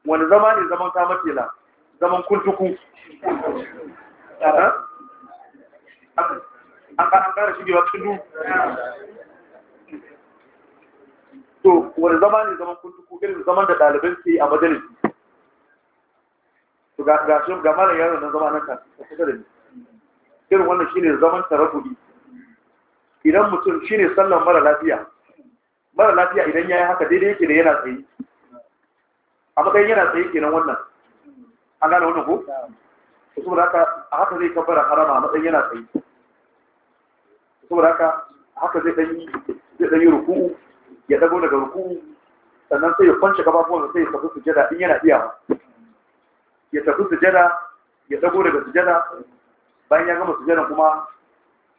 wani zama ne zaman ta matela zaman kuntuku an ƙara shigewa cikin to wani zama ne zaman kuntuku irin zaman da ɗaliban ke a majalisi ga shi ga mara yaron nan zama nan ka kusa da ni irin wannan shine zaman tarakudi idan mutum shine sallan mara lafiya mara lafiya idan yayi haka daidai yake da yana tsaye a matsayin yana tsaye kenan wannan an gane wannan ko saboda haka a haka zai kabbara harama a matsayin yana tsaye saboda haka a haka zai dan zai dan yi ruku'u ya dago daga ruku'u sannan sai ya kwance kafafuwan sai ya tafi sujada in yana iyawa ya tafi sujada ya dago daga sujada bayan ya gama sujjada kuma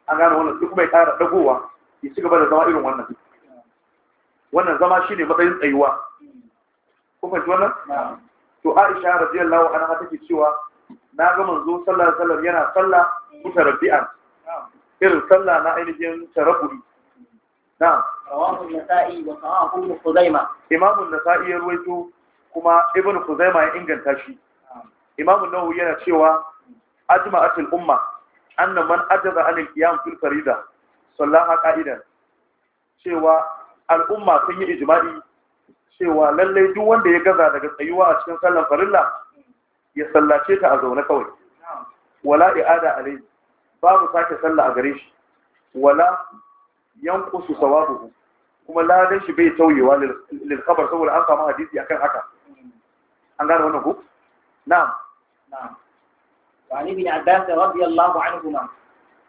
an gano wannan sai kuma ya tara dagowa ya ci gaba da zama irin wannan wannan zama shine matsayin tsayuwa kuma ji wannan to Aisha radiyallahu anha take cewa na ga manzo sallallahu alaihi wasallam yana sallah rabi'an irin sallah na ainihin tarabbi na rawahu an-nasa'i wa sahahu ibn Khuzaimah imamu an-nasa'i ya ruwaito kuma ibn Kuzaima ya inganta shi imamu Nawawi yana cewa ajma'at al-umma anna man ajaba an al-qiyam fil farida cewa al sun yi ijma'i cewa lalle duk wanda ya gaza daga tsayuwa a cikin sallar farilla ya sallace ta a zaune kawai wala i'ada alayhi babu sake sallah a gare shi wala yanqusu sawabuhu kuma ladan shi bai tauyewa lil khabar saboda an samu hadisi akan haka an gane wannan ku na'am Wani وعن ابن عباس رضي الله عنهما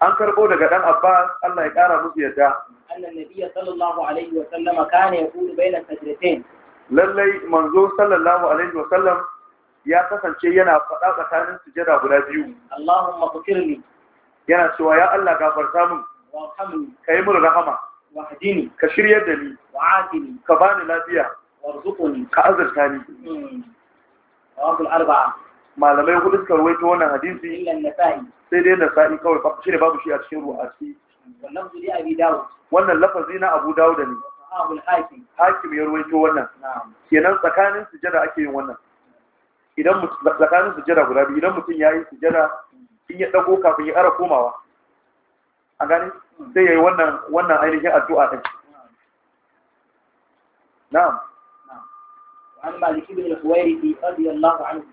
an karbo daga dan Abbas Allah ya kara musu yadda annan nabiyyi sallallahu alaihi wa sallam kana yaqulu baina sajdatain lallai manzo sallallahu alaihi wa sallam ya kasance yana faɗa tsakanin sujada guda biyu Allahumma qfirli yana cewa ya Allah gafarta min warhamni kai mun rahama Wa hadini ka shiryar da ni Wa wa'afini ka bani lafiya warzuqni ka azurta ni hmm. rawabul arba'a malamai hudu suka ruwaito wannan hadisi sai dai nasa'i kawai shi ne babu shi a cikin ruwa ci wannan lafazi na abu da ne hakim ya ruwaito wannan kenan tsakanin sujada ake yin wannan idan tsakanin sujada guda biyu idan mutum ya yi sujada in ya dago kafin ya ara komawa a gani sai ya yi wannan ainihin addu'a ɗin na'am an maliki bin al radiyallahu anhu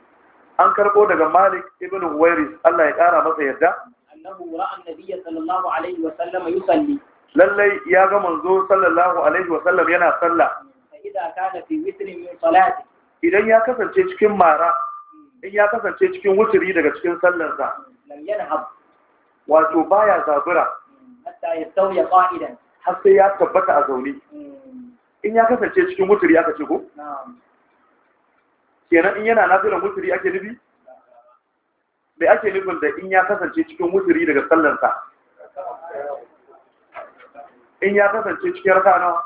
an karbo daga Malik ibn Wairis, Allah ya kara masa yarda annahu ra'a sallallahu alaihi wa sallam yusalli lallai ya ga manzo sallallahu alaihi wa sallam yana sallah idan kana fi witrin min salati idan ya kasance cikin mara in ya kasance cikin wuturi daga cikin sallarsa wato baya zabura hatta yastawiya qa'idan har sai ya tabbata a zaune hmm. in ya kasance cikin wuturi aka ce ko kenan in yana nafilan wuturi ake nufi da ake nufin da in ya kasance cikin wuturi daga sallarsa? in ya kasance cikin raka nawa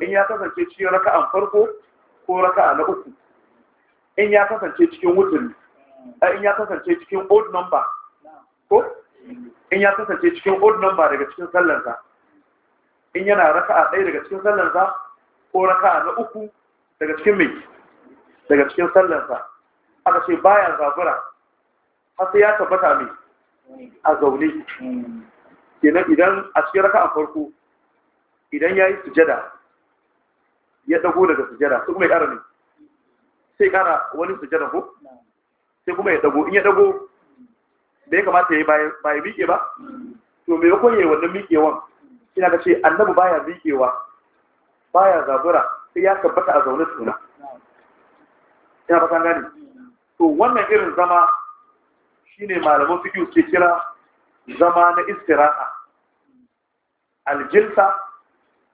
in ya kasance cikin an farko ko raka'a na uku in ya kasance cikin wuturi eh, in ya kasance cikin old number ko in ya kasance cikin old number daga cikin sallarsa? in yana raka'a ɗaya daga cikin sallarsa ko raka'a na uku daga cikin mai daga cikin sallansa aka ce baya zabura har sai ya tabbata mai a zaune kenan idan a cikin raka a farko idan ya yi sujada ya dago daga sujada su kuma ya ƙara ne sai ƙara wani sujada ko sai kuma ya dago in ya dago da ya kamata ya yi baya miƙe ba to mai yakon yi wannan miƙewan ina ka ce annabu baya miƙewa baya zabura sai ya tabbata a zaune tuna ya ba san gani to wannan irin zama shine malaman fiqh ke kira zama na istiraha aljilsa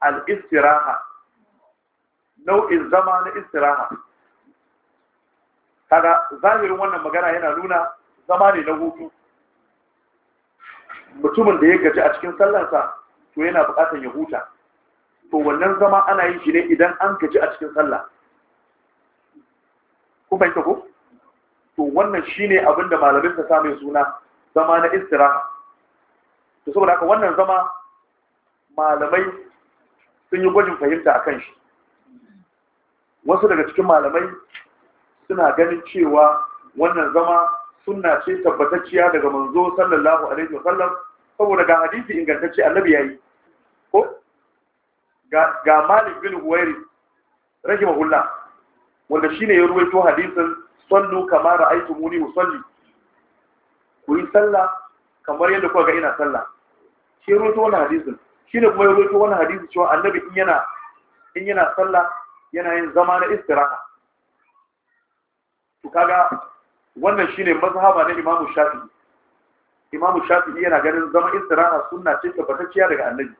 al nau'in zama na istiraha kaga zahirin wannan magana yana nuna zama ne na hutu mutumin da ya gaji a cikin sallarsa to yana bukatar ya huta to wannan zama ana yin shi ne idan an gaji a cikin sallah ku fahimta ko to wannan shine abin da malamin ta same suna zama na istiraha to saboda haka wannan zama malamai sun yi gwajin fahimta akan shi wasu daga cikin malamai suna ganin cewa wannan zama sunna ce tabbatacciya daga manzo sallallahu alaihi wa sallam, saboda ga hadisi ingantacce annabi yayi ko ga ga Malik bin Huwairi rahimahullah wanda shine ya ruwaito hadisin sallu kama muni musalli ku yi sallah kamar yadda kuka ga ina sallah shi ruwaito wannan hadisin shine kuma ya ruwaito wannan hadisi cewa annabi in yana in yana sallah yana yin zama na istiraha to kaga wannan shine mazhaba na Imam Shafi'i Imam Shafi'i yana ganin zama istiraha sunna ce tabbatacciya daga annabi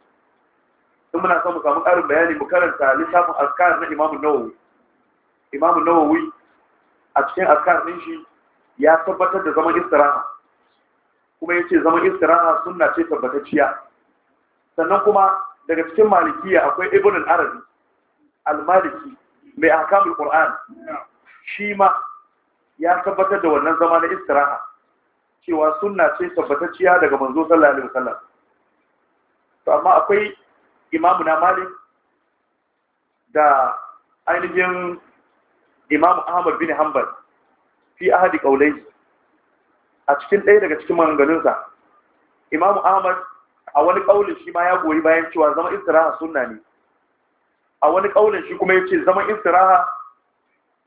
in muna son mu samu ƙarin bayani mu karanta littafin azkar na Imam Nawawi imam nawawi a cikin askar din shi ya tabbatar da zaman istiraha kuma ya ce zaman istiraha sunna ce tabbatacciya sannan kuma daga cikin malikiya akwai ibn al-arabi al-maliki mai ahkamul qur'an shi ma ya tabbatar da wannan zama na istiraha cewa sunna ce tabbatacciya daga manzo sallallahu alaihi wasallam to amma akwai imamuna malik da ainihin imam ahmad bin hanbal fi ahadi kaulai a cikin ɗaya daga cikin maganganunsa imam ahmad a wani kaulin shi ma ya goyi bayan cewa zama istiraha sunna ne a wani kaulin shi kuma yace zama istiraha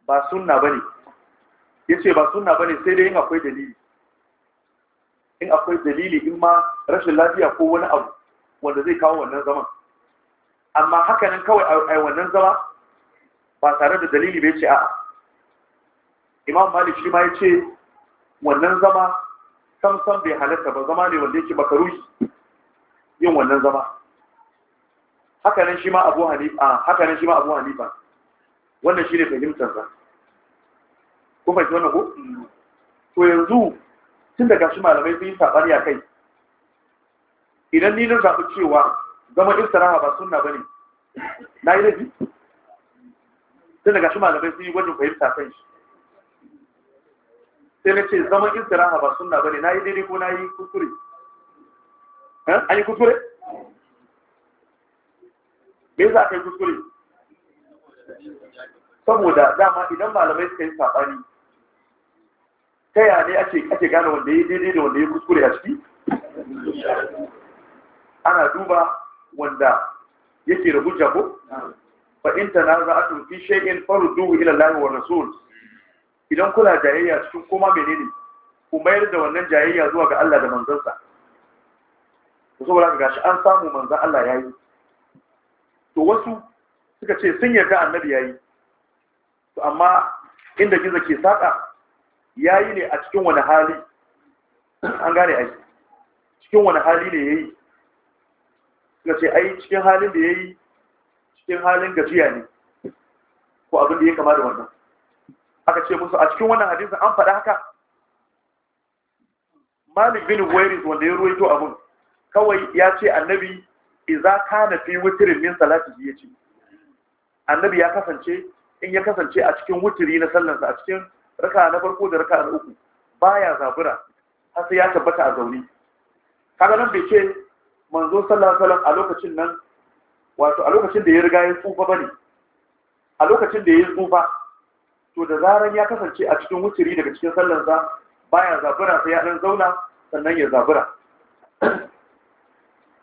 ba sunna bane yace ba sunna bane sai dai in akwai dalili in akwai dalili in ma rashin lafiya ko wani abu wanda zai kawo wannan zaman amma hakanan kawai a wannan zama ba tare da dalili bai ce a'a imam malik shi ma ya ce wannan zama samsam bai halatta ba zama ne wanda yake bakaru yin wannan zama hakanan shi ma abu hanifa hakanan shi ma abu hanifa wannan fahimtar sa ko fahimci wannan ko to yanzu tun daga shi malamai sun yi sabani a kai idan ni na zaɓi cewa zama istiraha ba sunna ne na yi laifi sai daga shi malamai sun yi gwajin fahimta kan shi sai na ce zaman istiraha ba suna bane na yi daidai ko na yi kuskure eh, an yi kuskure me yasa aka yi kuskure saboda dama idan malamai suka yi saɓani ta yaya ne ake gane wanda ya daidai da wanda ya kuskure a ciki ana duba wanda yake rubuta ko fa in tanaza'tum fi shay'in farudduhu ila Allah wa rasul idan kula jayayya cikin koma menene ku mayar da wannan jayayya zuwa ga Allah da manzansa to saboda gashi an samu manzan Allah ya yi. to wasu suka ce sun yarda annabi ya yi. to amma inda gizo ke saka yi ne a cikin wani hali an gane ai cikin wani hali ne ya yi. suka ce ai cikin halin da yi. cikin halin gajiya ne ko abin da ya kama da wannan aka ce musu a cikin wannan hadisin an faɗa haka malik bin wairis wanda ya ruwaito abin kawai ya ce annabi iza kana fi wutirin min salati ya ce annabi ya kasance in ya kasance a cikin wutiri na sallansa a cikin raka na farko da raka na uku baya zabura har ya tabbata a zaune kaga nan bai ce manzo sallallahu alaihi wasallam a lokacin nan wato a lokacin da ya riga ya tsufa bane a lokacin da ya tsufa to da zaran ya kasance a cikin wuturi daga cikin sallarsa baya zabura sai ya dan zauna sannan ya zabura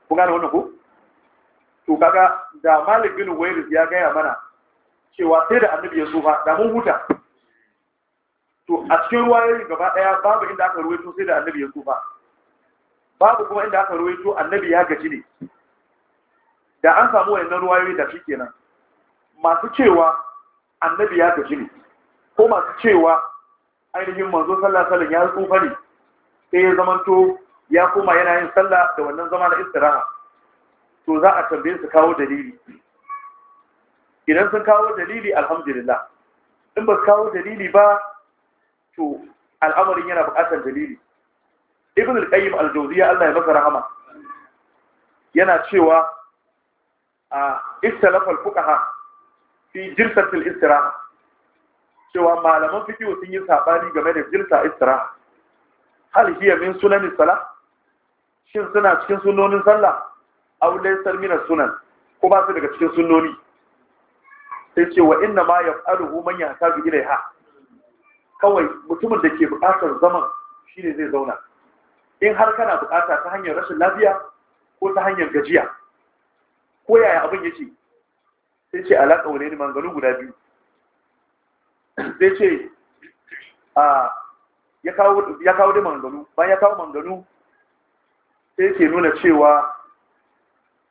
Ku gane wannan ku? to kaga da Malik bin Wairis ya gaya mana cewa sai da annabi ya tsufa da mun huta to a cikin ruwayoyi gaba daya babu inda aka ruwaito sai da annabi ya tsufa babu kuma inda aka ruwaito annabi ya gaji ne da an samu wayannan ruwayoyi da shi kenan masu cewa annabi ya tafi ne ko masu cewa ainihin manzo sallah sallan ya tsufa ne sai ya zamanto ya koma yana yin sallah da wannan zama na istiraha to za a tambaye su kawo dalili idan sun kawo dalili alhamdulillah in ba su kawo dalili ba to al'amarin yana buƙatar dalili ibn al-qayyim al-jawziya Allah ya masa rahama yana cewa a istalafal fuqaha fi jirsatil istiraha cewa malaman fikiyo sun yi saɓani game da jirsa istiraha hal hiya min sunan sala shin suna cikin sunnonin sallah aw laysa min sunan ko ba su daga cikin sunnoni sai ce wa inna ma yaf'aluhu man yahtaju ilayha kawai mutumin da ke buƙatar zaman shine zai zauna in har kana buƙata ta hanyar rashin lafiya ko ta hanyar gajiya ko yaya abin yake sai ce alaƙa ne manganu guda biyu sai ce a ya kawo da manganu bayan ya kawo manganu sai ke nuna cewa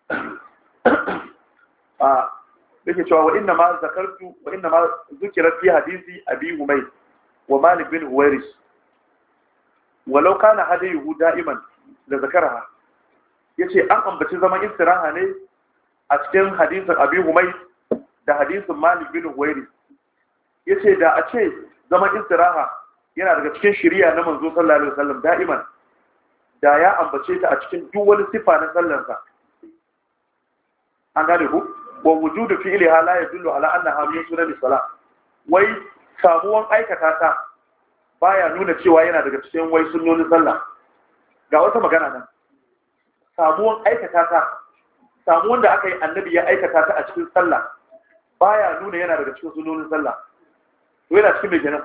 a yake cewa wa inna ma zakartu wa inna ma zukirar fi hadisi abi humay wa malik bin huwairis walau kana hadayuhu da'iman da Ya ce an ambaci zaman istiraha ne a cikin hadisun abi humai da hadisun malik bin huwairi ya ce da a ce zaman istiraha yana daga cikin shirya na manzo sallallahu alaihi wasallam da'iman da ya ambace ta a cikin duk wani sifa na sallansa an gane ku wa wujudu fi'liha la yadullu ala annaha min sunan salat wai samuwan aikata ta baya nuna cewa yana daga cikin wai sunnonin sallah ga wata magana nan samuwan aikata ta samu wanda aka yi annabi ya aikata ta a cikin sallah baya nuna yana daga cikin sunonin sallah to yana cikin mai kenan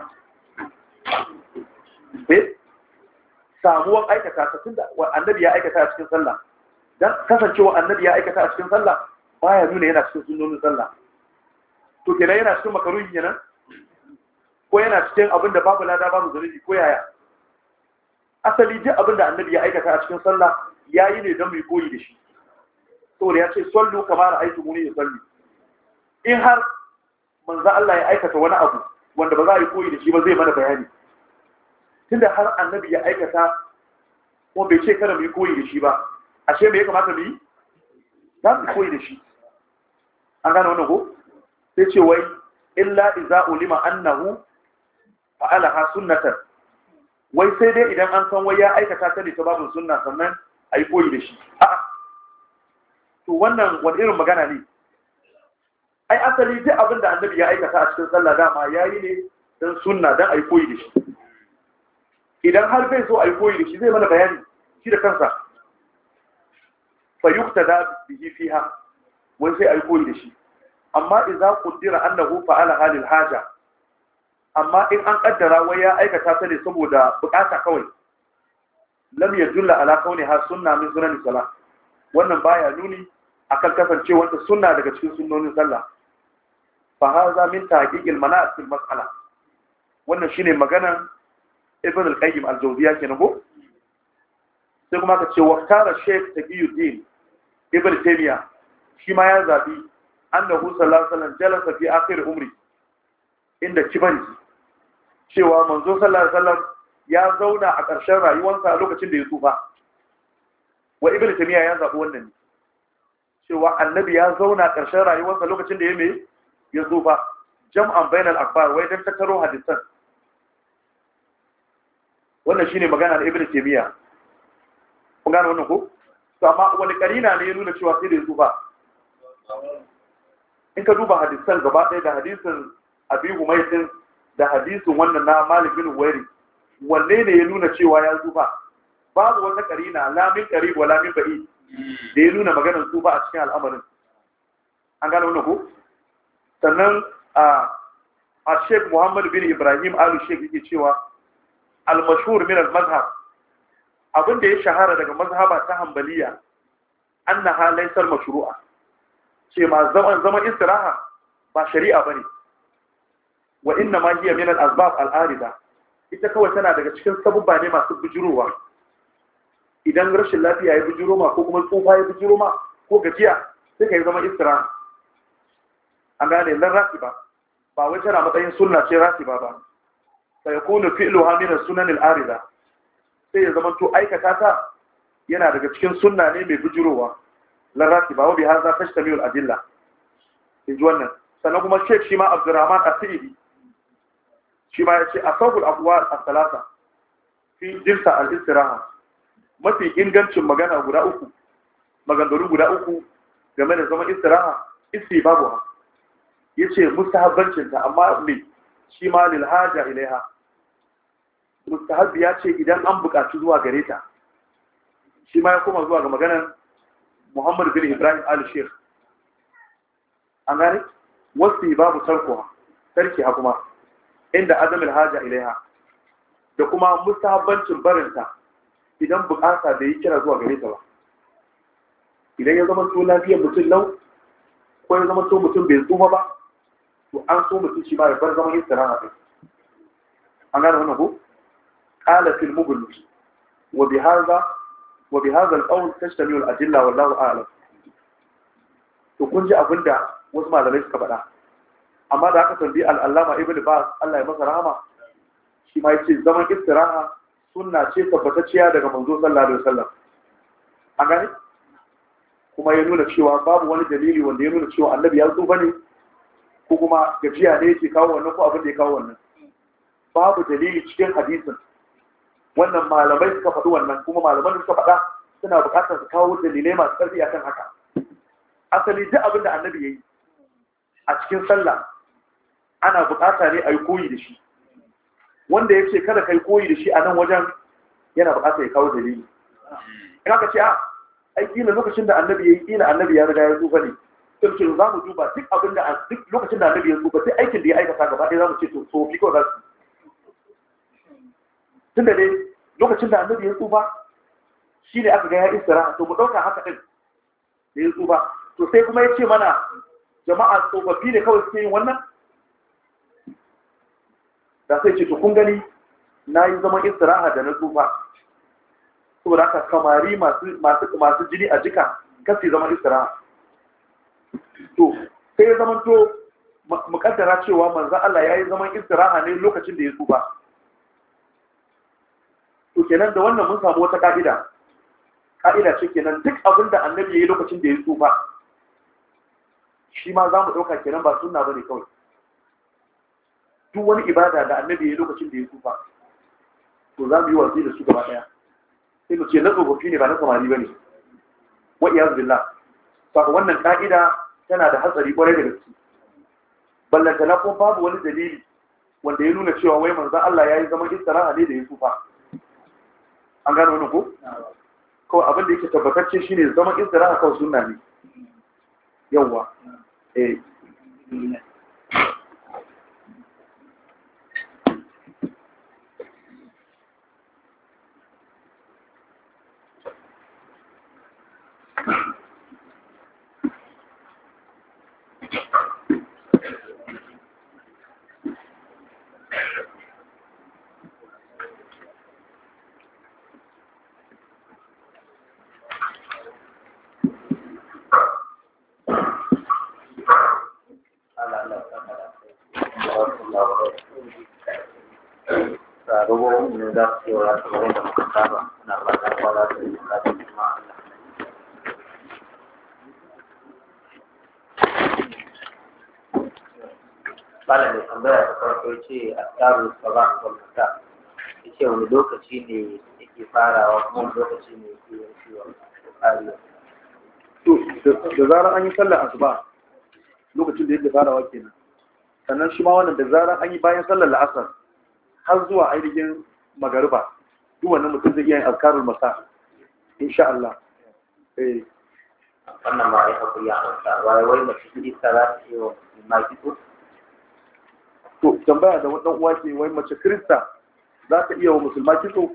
eh samuwan aikata ta tunda annabi ya aikata a cikin sallah dan kasancewa annabi ya aikata a cikin sallah baya nuna yana cikin sunonin sallah to kenan yana cikin makaruhi kenan ko yana cikin abinda babu lada babu zunubi ko yaya asali duk abinda annabi ya aikata a cikin sallah yayi ne don mai koyi da shi saboda ya ce sallu kamar aiki muni ya sallu in har manza Allah ya aikata wani abu wanda ba za a yi koyi da shi ba zai mana bayani tunda har annabi ya aikata kuma bai ce kada mu yi koyi da shi ba ashe me ya kamata mu yi za mu koyi da shi an gane wannan ko sai ce wai illa iza ulima annahu fa'alaha sunnatan wai sai dai idan an san wai ya aikata ta ne ta babin sunna sannan a yi koyi da shi a'a to wannan wani irin magana ne ai asali duk abin da annabi ya aikata a cikin sallah dama ya yi ne don sunna don a yi koyi da shi idan har bai so a yi koyi da shi zai mana bayani shi da kansa fayyukta da bihi fiha wani sai a yi koyi da shi amma an da hufa ala halin haja amma in an kaddara wai ya aikata ta ne saboda bukata kawai lam yadulla ala kauni ha sunna min sunan salat wannan baya nuni akan kan da sunna daga cikin sunnonin sallah fa hadha min tahqiqil manaqib fil mas'ala wannan shine magana ibn al-qayyim al-jawziyya kenan ko sai kuma ka ce waqtara shaykh taqiyuddin ibn taymiya shi ma ya zabi annahu sallallahu alaihi wasallam jalasa fi akhir umri inda kibanji cewa manzo sallallahu alaihi wasallam ya zauna a ƙarshen rayuwarsa a lokacin da ya tsufa wa ibn tamiya ya zabi wannan cewa annabi ya zauna ƙarshen rayuwarsa lokacin da ya mai ya zuba jam'an bainal akbar wai dan tattaro hadisan wannan shine magana da ibn tamiya kun gane wannan ko to amma wani karina ne ya nuna cewa sai da zuba in ka duba hadisan gaba ɗaya da hadisin abi humaitin da hadisin wannan na malik bin wairi wanne ne ya nuna cewa ya zuba babu wata karina lamin kari wa lamin ba'i da ya nuna maganar ba a cikin al'amarin an gane wannan ko sannan a a Sheikh Muhammad bin Ibrahim Alu Sheikh yake cewa al-mashhur min al-mazhab abin ya shahara daga mazhaba ta Hanbaliya annaha laysa al mashuru'a. ce ma zaman zaman istiraha ba shari'a bane wa inna ma hiya min al-asbab al ita kawai tana daga cikin sabubba ne masu bujurowa idan rashin lafiya ya bujiro ma ko kuma tsufa ya bujiro ma ko gajiya sai ka yi zama istira an gane lan rasi ba ba wai tana matsayin sunna ce rasi ba ba sai yakunu fi'lu hamina sunan al-arida sai ya zama to aikata ta yana daga cikin sunna ne mai bujirowa lan rasi ba wabi bi hadha tashtamilu al-adilla in ji wannan sannan kuma sheikh shi ma abdurrahman asiri shi ma ya ce asabul aqwal as-salasa fi jinsa al-istiraha mafi ingancin magana guda uku maganganu guda uku game da zaman istiraha isi babu ha ya ce mustahabbancinta amma mai shi ma lilhaja ilaiha mustahabbi ya ce idan an buƙaci zuwa gare ta shi ma ya koma zuwa ga maganar muhammad bin ibrahim al-sheikh an gane wasu babu tarkuwa tarki ha kuma inda azamin haja ilaiha da kuma mustahabbancin barinta idan bukasa da yi kira zuwa gare ta ba idan ya zama to lafiyar mutum lau ko ya zama to mutum bai tsufa ba to an so mutum shi ba ya bar zaman tsara a kai an gane wannan ko kala fil mutu, wa bi hadha wa bi hadha al qawl tashtamilu al adilla wallahu a'lam to kun ji abinda wasu malamai suka faɗa amma da aka tambayi al-allama ibnu ba Allah ya masa rahama shi ma yace zaman istiraha suna ce tabbatacciya daga manzo sallallahu alaihi wasallam an gani kuma ya nuna cewa babu wani dalili wanda ya nuna cewa annabi ya zo ne ko kuma gajiya ne yake kawo wannan ko abin da ya kawo wannan babu dalili cikin hadisin wannan malamai suka faɗi wannan kuma malaman da suka faɗa suna buƙatar su kawo dalilai masu ƙarfi akan haka asali duk abin da annabi ya yi a cikin sallah ana buƙata ne a yi koyi da shi wanda ya ce kada kai koyi da shi a nan wajen yana buƙatar ya kawo dalili in aka ce a ai kila lokacin da annabi ya yi kila annabi ya riga ya tsufa ne sun ce za mu duba duk abin da duk lokacin da annabi ya tsufa sai aikin da ya aikata gaba ɗaya za mu ce to fi kawai za su tun da dai lokacin da annabi ya tsufa shi ne aka ga ya istira to mu ɗauka haka ɗin da ya tsufa to sai kuma ya ce mana jama'a tsofaffi ne kawai suke yin wannan da sai ce to kun gani na yi zaman istiraha da na tsufa saboda aka kamari masu jini a jika kasi zaman istiraha to sai ya zama to mukaddara cewa manzan Allah ya yi zaman istiraha ne lokacin da ya tsufa to kenan da wannan mun samu wata ka'ida ka'ida ce kenan duk abin da annabi ya yi lokacin da ya tsufa shi ma za mu ɗauka kenan ba suna ba ne kawai duk wani ibada da annabi ya lokacin da ya tsufa to za mu yi watsi da su gaba ɗaya sai mu ce na tsofaffi ne ba na samari ba ne wa iyaz billah saka wannan ka'ida tana da hatsari kwarai da gaske ballanta na ko babu wani dalili wanda ya nuna cewa wai manzo Allah ya yi zaman istiraha ne da ya tsufa an gano wannan ko kawai abin da yake tabbatacce shine zaman istiraha kawai sunna ne yawwa eh azkarun sabah wal masa yace wani lokaci ne yake farawa kuma lokaci ne yake yankewa kariya to da zarar an yi sallar asuba lokacin da yake farawa kenan sannan shi ma wannan da zarar an yi bayan sallar la'asar har zuwa ainihin magariba duk wannan mutum zai iya yin azkarul masa insha Allah eh wannan ma ai hakuri a wai wai mace ce ta za ta yi wa musulma to tambaya da wadan uwa ke wai mace krista za ta iya wa musulma kitso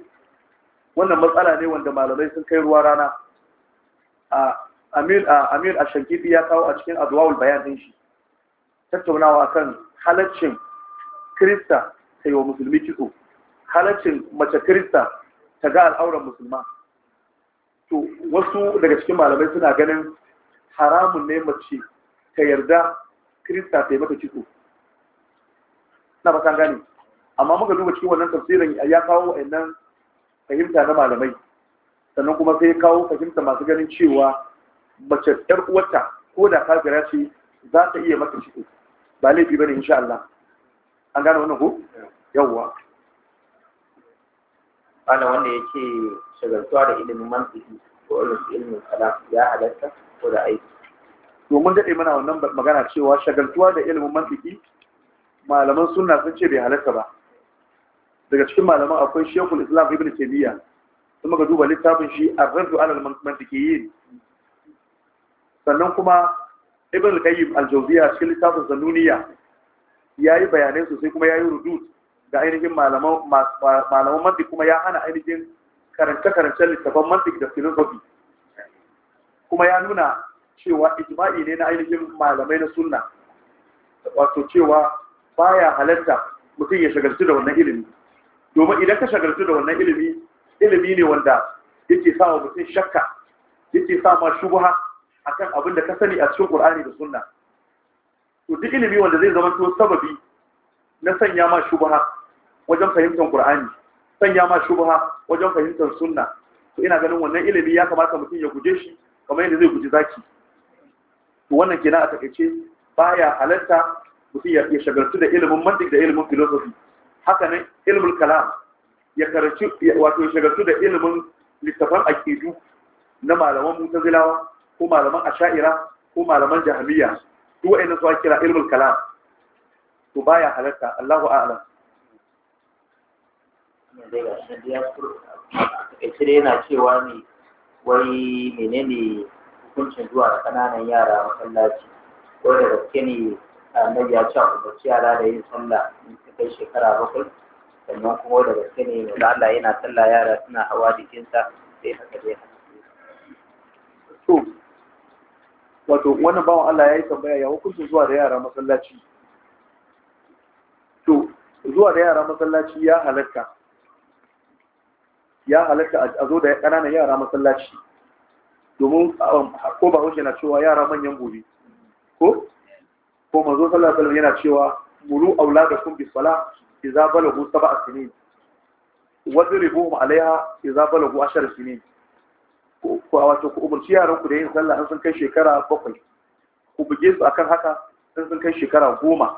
wannan matsala ne wanda malamai sun kai ruwa rana a amir a amir ashankiti ya kawo a cikin adwawul bayan din shi tattaunawa kan halaccin krista ta yi wa musulmi kitso halaccin mace krista ta ga al'auran musulma to wasu daga cikin malamai suna ganin haramun ne mace ta yarda krista ta yi mata kitso na ba gane amma muka duba cikin wannan tafsirin ya kawo wa'annan fahimta na malamai sannan kuma sai ya kawo fahimta masu ganin cewa mace ɗar uwarta ko da kafira ce za ta iya mata ciki ba laifi bane insha Allah an gane wannan ko yawwa ana wanda yake shagaltuwa da ilimin mantiki ko ilimin kalam ya halatta ko da aiki domin daɗe mana wannan magana cewa shagaltuwa da ilimin mantiki malaman suna sun ce bai halarta ba daga cikin malaman akwai shekul islam ibn taimiyya kuma ga duba littafin shi a rarru alal yi sannan kuma ibn al-qayyim al-jawziya cikin littafin zanuniya yayi bayanai sosai kuma yayi rudud ga ainihin malaman malaman mantik kuma ya hana ainihin karanta karancen littafin mantik da filosofi kuma ya nuna cewa ijma'i ne na ainihin malamai na sunna wato cewa baya halatta mutum ya shagaltu da wannan ilimi domin idan ka shagaltu da wannan ilimi ilimi ne wanda yake sa wa mutum shakka yake sa ma shubha akan abin da ka sani a cikin Qur'ani da Sunna to duk ilimi wanda zai zama to sababi na sanya ma shubha wajen fahimtar Qur'ani sanya ma shubha wajen fahimtar Sunna to ina ganin wannan ilimi ya kamata mutum ya guje shi kamar yadda zai guji zaki to wannan kenan a takaice baya halatta mutum ya shagaltu da ilimin mantik da ilimin filosofi haka nan ilimin kalam ya karanci wato ya shagaltu da ilimin littafan aqidu na malaman zilawa ko malaman asha'ira ko malaman jahamiyya duk wa'annan su kira ilimin kalam to baya halatta Allahu a'lam Ekire yana cewa ne wai menene hukuncin zuwa da ƙananan yara masallaci, ko da gaske ne annabi ya ce ku bacci yara da yin sallah in ta kai shekara bakwai sannan kuma da gaske ne mai Allah yana sallah yara suna hawa sa sai haka dai to wato wannan bawan Allah ya yi tambaya ya hukunta zuwa da yara masallaci to zuwa da yara masallaci ya halatta ya halatta a zo da ƙananan yara masallaci domin um, ko ba wuce na cewa yara manyan gobe ko ko manzo sallallahu alaihi wasallam yana cewa muru auladakum bi sala idza balagu sab'a sinin wadribuhum alaiha idza balagu ashar sinin ko wato ku umurci yaran ku da yin sallah sun kai shekara bakwai ku buge su akan haka sun kai shekara goma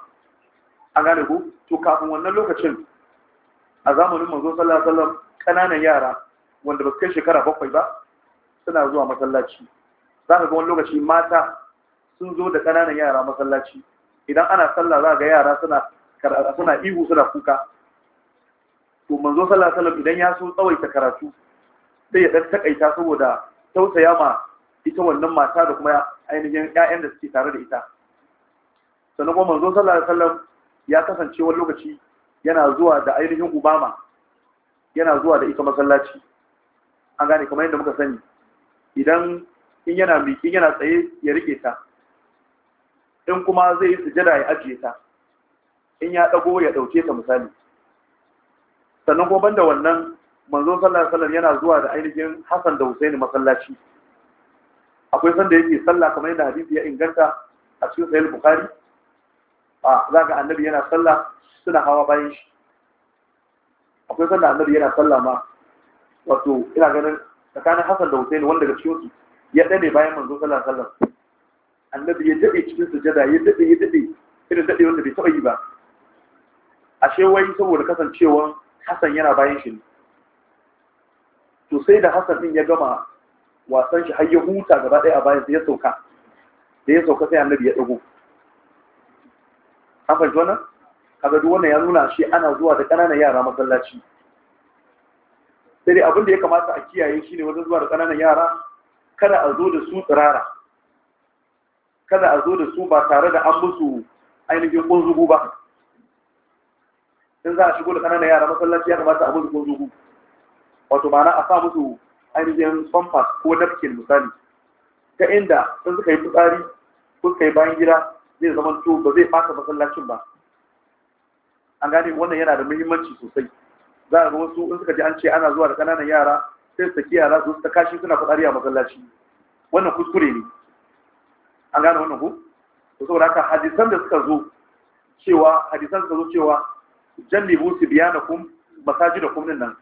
an gane ku to kafin wannan lokacin a zamanin manzo sallallahu alaihi wasallam kananan yara wanda ba su kai shekara bakwai ba suna zuwa masallaci za ka ga wani lokaci mata sun zo da ƙananan yara masallaci idan ana sallah za ga yara suna suna ihu suna kuka to manzo sallallahu alaihi wasallam idan ya so tsawaita karatu sai ya dan takaita saboda tausaya ma ita wannan mata da kuma ainihin ƴaƴan da suke tare da ita sannan kuma manzo sallallahu alaihi wasallam ya kasance wani lokaci yana zuwa da ainihin ubama yana zuwa da ita masallaci an gane kamar yadda muka sani idan in yana miƙi yana tsaye ya rike ta in kuma zai yi sujada ya ajiye ta in ya dago ya dauke ta misali sannan kuma banda wannan manzon sallallahu alaihi wasallam yana zuwa da ainihin Hassan da Husaini masallaci akwai sanda yake sallah kamar yadda hadisi ya inganta a cikin sahih bukhari a zaka annabi yana sallah suna hawa bayan shi akwai sanda annabi yana sallah ma wato ina ganin tsakanin Hassan da Husaini wanda daga cikin su ya dane bayan manzon sallallahu alaihi wasallam annabi ya daɗe cikin sujada ya daɗe ya daɗe irin daɗe wanda bai taɓa yi ba ashe wai saboda kasancewan hassan yana bayan shi ne to sai da hassan ɗin ya gama wasan shi har ya huta gaba ɗaya a bayan sai ya sauka da ya sauka sai annabi ya ɗago an fahimci wannan kaga duk wannan ya nuna shi ana zuwa da ƙananan yara masallaci sai dai abin da ya kamata a kiyaye shi ne wajen zuwa da ƙananan yara kada a zo da su tsirara kada a zo da su ba tare da an musu ainihin ƙunzugu ba in za a shigo da kananan yara masallaci ya kamata a musu ƙunzugu. wato ma'ana a sa musu ainihin pampas ko napkin misali ta inda sun suka yi fitsari ko suka yi bayan gida zai zama to ba zai fata masallacin ba an gane wannan yana da muhimmanci sosai za a ga wasu in suka ji an ce ana zuwa da kananan yara sai su saki yara su ta kashi suna fitsari a masallaci wannan kuskure ne an gane wannan ku to saboda haka hadisan da suka zo cewa hadisan suka zo cewa kun Masaji da din nan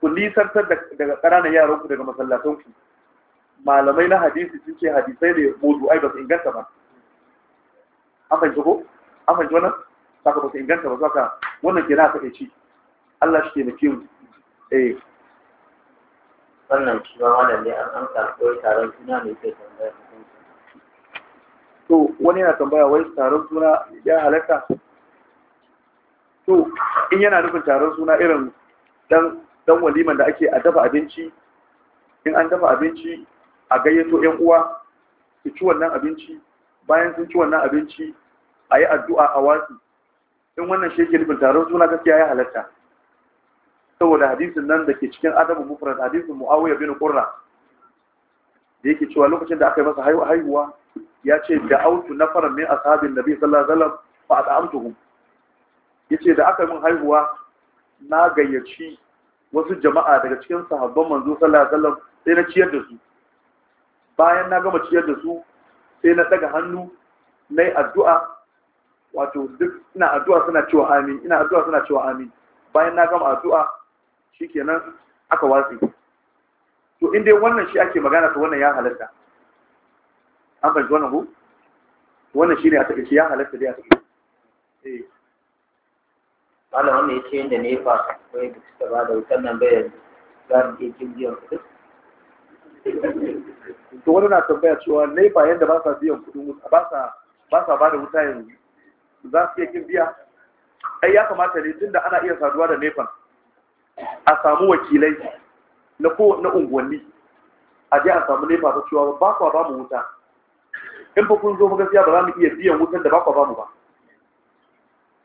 ku nisantar daga ƙananan yaran ku daga masallatan ku malamai na hadisi sun ce hadisai ne ai ba su inganta ba an fahimci ko an fahimci wannan saka ba su inganta ba saka wannan ke na aka ci Allah shi ke na ke eh wannan shi ba wannan ne an amsa ko taron suna ne ke tambaya to wani yana tambaya wai taron suna ya halatta to in yana nufin taron suna irin dan waliman da ake a dafa abinci in an dafa abinci a gayyato yan uwa su ci wannan abinci bayan sun ci wannan abinci a yi addu'a a wasu, in wannan shi yake nufin taron suna gaskiya ya halatta saboda hadisin nan da ke cikin adabu mufrad hadisin muawiya bin qurra da yake cewa lokacin da aka yi masa haihuwa ya ce da autu na faran min ashabin nabi sallallahu alaihi wasallam fa Ya yace da aka min haihuwa na gayyaci wasu jama'a daga cikin sahabban manzo sallallahu alaihi wasallam sai na ciyar da su bayan na gama ciyar da su sai na daga hannu nayi addu'a wato duk ina addu'a suna cewa amin ina addu'a suna cewa amin bayan na gama addu'a shikenan aka watsi to in dai wannan shi ake magana to wannan ya halatta an fahimci wannan ku wannan shi ne a taƙaice ya halatta dai a taƙaice eh. Malam wannan ya ce yadda ne fa akwai da suka ba da wutar nan bayan za mu iya jin biyan kuɗi. To wani na tambaya cewa ne ba yadda ba sa biyan kuɗin wuta ba sa ba sa ba da wuta yanzu za su iya kin biya. Ai ya kamata ne tunda ana iya saduwa da nefan a samu wakilai na unguwanni a je a samu nefa ta cewa ba kwa ba mu wuta in ba kun zo ba gaskiya ba za mu iya biyan wutan da ba ku ba mu ba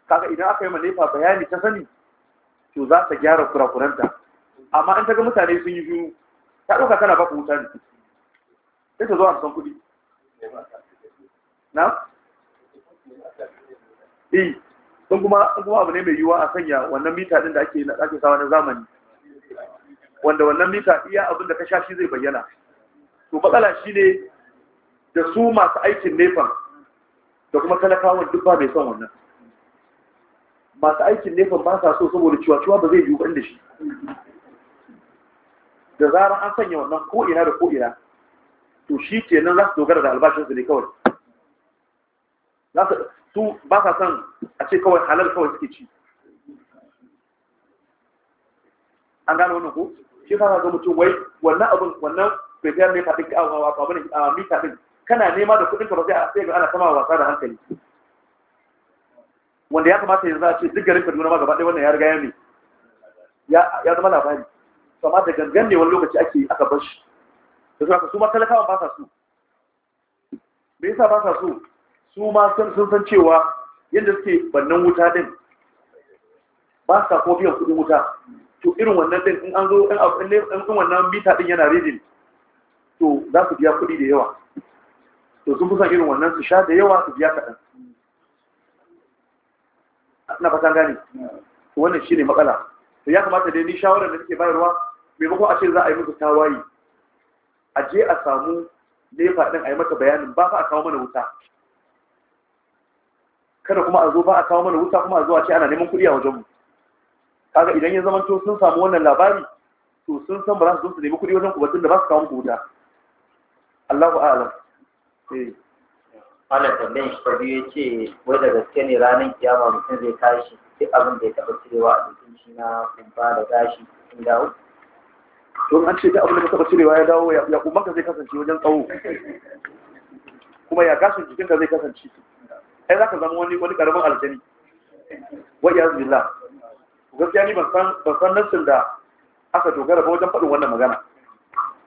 kaga idan aka yi ma nefa bayani ta sani to za ta gyara kurakuranta amma in ta ga mutane sun yi biyu ta ɗauka tana ba ku wuta ne sai ta zo a san kuɗi na? eh sun kuma abu ne mai yiwuwa a sanya wannan mita ɗin da ake ake sawa na zamani wanda wannan mita iya abin da ka sha shi zai bayyana to matsala shi ne da su masu aikin nefan da kuma talakawan duk ba mai son wannan masu aikin nefan ba sa so saboda ciwa-ciwa ba zai yiwu ban da shi da zarar an sanya wannan ko'ina da ko'ina to shi ke nan za su dogara da albashinsu ne kawai su ba sa son a ce kawai halal kawai suke ci an gano wannan ko shi sa ga mutum wai wannan abin wannan kwaikwayon mai faɗin a mita ɗin kana nema da kudinka ba sai ga ana sama wasa da hankali wanda ya kamata yanzu a ce duk garin kaduna ma gaba ɗaya wannan ya riga ya mai ya zama labari amma da gangan ne wani lokaci ake aka bar shi da su aka su ma talakawa ba sa so me yasa ba sa so su ma sun san cewa yadda suke bannan wuta din ba sa ko biyan kuɗin wuta to irin wannan din in an zo in wannan mita din yana rijin to za su biya kuɗi da yawa to sun fusa irin wannan su sha da yawa su biya kaɗan na fatan gane wannan shi ne matsala to ya kamata dai ni shawarar da suke bayarwa maimako a ce za a yi musu tawaye a je a samu nefa ɗin a yi mata bayanin ba fa a kawo mana wuta kada kuma a zo ba a kawo mana wuta kuma a zo a ce ana neman kuɗi a wajenmu kaga idan ya zamanto sun samu wannan labari to sun san ba za su zo su nemi kuɗi wajen ku ba tun da ba su kawo muku wuta Allahu a'lam ta tambayin shi biyu ya ce wai da gaske ne ranar kiyama mutum zai tashi duk abin da ya taɓa cirewa a jikin shi na kumfa da gashi sun dawo. Don an ce duk abin da ka taɓa cirewa ya dawo ya kumanka zai kasance wajen tsawo. Kuma ya gashin jikinka zai kasance. Ai za ka zama wani wani ƙaramin aljani. ya iya zila. Gaskiya ni ban san nassin da aka dogara ba wajen faɗin wannan magana.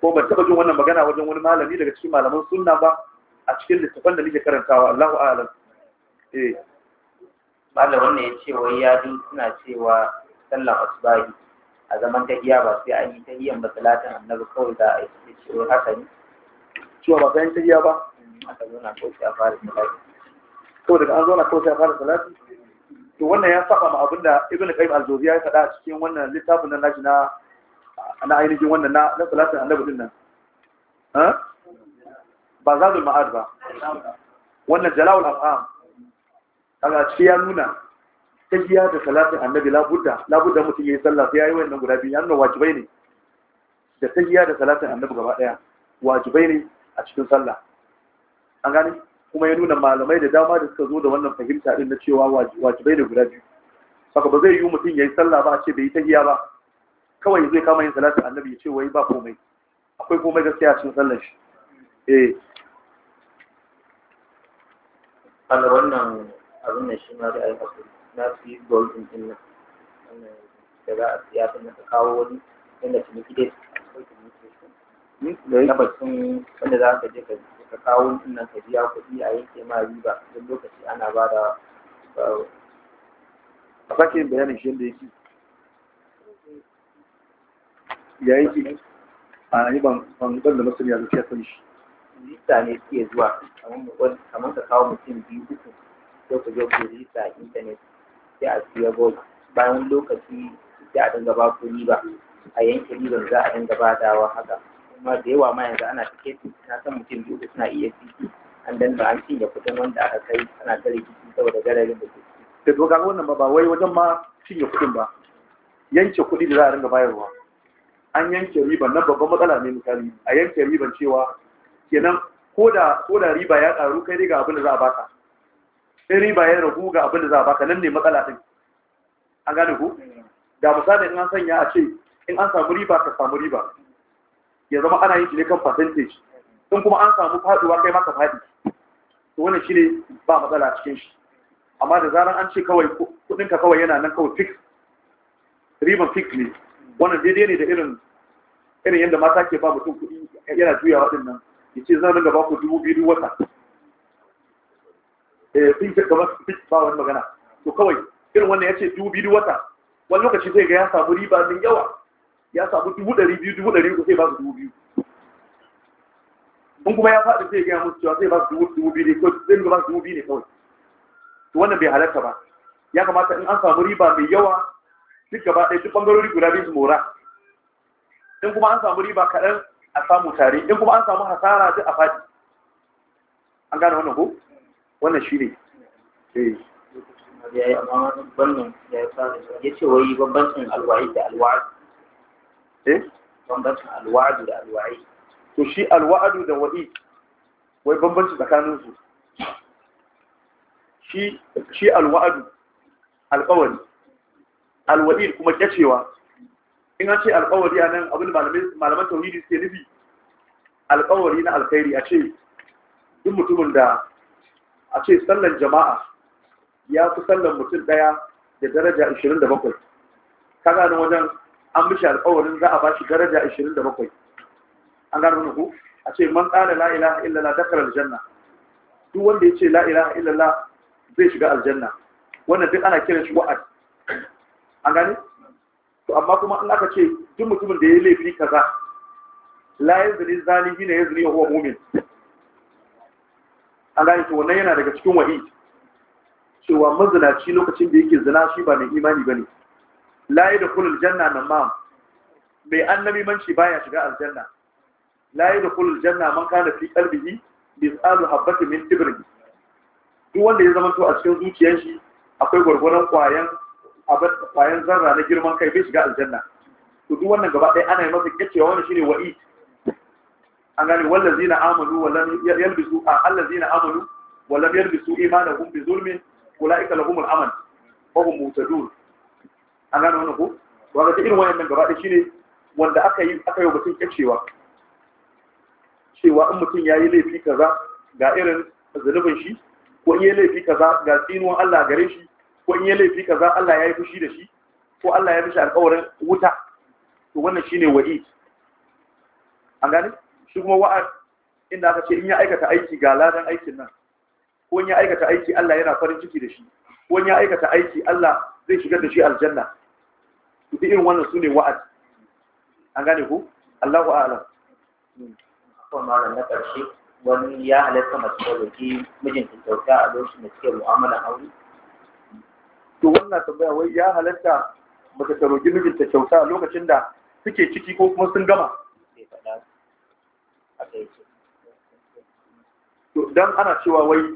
Ko ban taɓa jin wannan magana wajen wani malami daga cikin malaman sunna ba a cikin littafan da muke karantawa Allahu a'lam eh mallam wannan ya ce wai ya suna cewa sallar asbahi a zaman iya ba sai an yi ta ba salatin annabi kawai za a yi sai ce wai haka ne cewa ba sai an iya ba mm, aka zo kawai a fara salati kawai daga an zauna kawai sai a fara salati to wannan ya saba ma abin da ibnu qayyim al-jawziya ya faɗa a cikin wannan littafin nan nashi na na ainihin wannan na na salatin annabi din nan ha ba za mu ma'ad ba wannan jalawul af'am kaga ciki ya nuna tahiya da salatin annabi la budda mutum yayi sallah sai yayi wannan guda biyu annabi wajibai ne da tahiya da salatin annabi gaba daya wajibai ne a cikin sallah an gani kuma ya nuna malamai da dama da suka zo da wannan fahimta din na cewa wajibai ne guda biyu saka ba zai yi mutum yayi sallah ba a ce bai yi tahiya ba kawai zai kama yin salatin annabi ya ce wai ba komai akwai komai gaskiya a cikin sallar shi eh kaga wannan abin da shi ma da ai na su yi gold din din nan wannan da za a siya sun ka kawo wani inda ciniki dai da bacin wanda za ka je ka kawo din nan ka biya kuɗi a yanke ma riba duk lokaci ana ba da a sake bayanin shi yadda yake ya ki a yi ban ban da masar ya zuciya kan shi rijista ne suke zuwa kamar ka kawo mutum biyu uku ko ku zo ku rijista a intanet sai a siya gold bayan lokaci sai a dinga ba ku riba a yanke riban za a dinga ba dawa haka kuma da yawa ma yanzu ana cike na san mutum biyu suna iya ciki an danna an cinye kuɗin wanda aka kai ana gare ciki saboda gararin da ke da to kaga wannan ba wai wajen ma cinye kuɗin ba yanke kuɗi da za a dinga bayarwa an yanke riban nan babban matsala ne misali a yanke riban cewa kenan ko da riba ya karu kai ga abin da za a baka sai riba ya ragu ga abin da za a baka nan ne matsala din an gane ku da misali in an sanya a ce in an samu riba ka samu riba ya zama ana yin shi ne kan percentage in kuma an samu faduwa kai maka fadi to wannan shine ba matsala a cikin shi amma da zaran an ce kawai kudin ka kawai yana nan kawai fix riban fix ne wannan daidai ne da irin irin yadda mata ke ba mutum kudi yana juyawa din nan Yace za zan ringa baku dubu biyu wata eh sun ce kamar su ba wani magana to kawai irin wannan ya ce dubu biyu wata wani lokaci zai ga ya samu riba min yawa ya samu dubu ɗari biyu dubu ɗari uku sai ba su dubu biyu in kuma ya faɗi zai gaya musu cewa zai ba su dubu dubu biyu ne ko zai ba su dubu biyu ne kawai to wannan bai halarta ba ya kamata in an samu riba mai yawa duk gaba ɗaya duk ɓangarori guda biyu su mora in kuma an samu riba kaɗan a samu tare in kuma an samu hasara duk a faɗi an gane wannan ko wannan shi ne eh. ya ce wai bambancin alwa'i da alwa'ad eh bambancin alwa'adu da alwa'i to shi alwa'adu da wa'i wai tsakanin tsakaninsu shi alwa'adu alƙawari alwa'i kuma kyacewa in an ce alƙawari a nan abin malaman tauhidi suke nufi alƙawari na alkhairi a ce duk mutumin da a ce sallan jama'a ya fi sallan mutum ɗaya da daraja 27 ka gano wajen an mishi alƙawarin za a ba shi daraja 27 an gano wani ku a ce man ƙara la'ila illallah, dakar aljanna duk wanda ya ce la'ila illallah, zai shiga aljanna wannan duk ana kiran shi wa'ad an gane to amma kuma in aka ce duk mutumin da ya yi laifi kaza la yazni zani yi yazni yahuwa mu'min an gani to wannan yana daga cikin wahi cewa mazinaci lokacin da yake zina shi ba mai imani ba bane la kulul janna ma mai annabi manci baya shiga aljanna la kulul janna man kana fi qalbihi misalu habatin min tibrin duk wanda ya zama to a cikin zuciyar shi akwai gwargwaron kwayan abin kwayan zarra na girman kai bai shiga aljanna to duk wannan gaba ɗaya ana yi masa kacewa wannan shine wa'i an gane wallazina amanu wallam yalbisu a allazina amanu wallam yalbisu imanahum bi zulmin ulaika lahumul aman wa hum muhtadun an gane wannan ko wanda ta irin wayannan gaba ɗaya shine wanda aka yi aka yi mutum kacewa cewa in mutum ya yi laifi kaza ga irin zunubin shi ko in yayi laifi kaza ga tsinuwan Allah gare shi ko in yi laifi kaza Allah ya yi fushi da shi ko Allah ya mishi alƙawarin wuta to wannan shine wa'i an gane shi kuma wa'a inda aka ce in ya aikata aiki ga ladan aikin nan ko in ya aikata aiki Allah yana farin ciki da shi ko in ya aikata aiki Allah zai shigar da shi aljanna to duk irin wannan sune wa'a an gane ku Allahu a'lam ko malam na karshe wani ya halatta masu da mijinta kyauta a lokacin da suke a aure to wannan tambaya wai ya halatta baka ta roƙi mijinta kyauta a lokacin da suke ciki ko kuma sun gama to dan ana cewa wai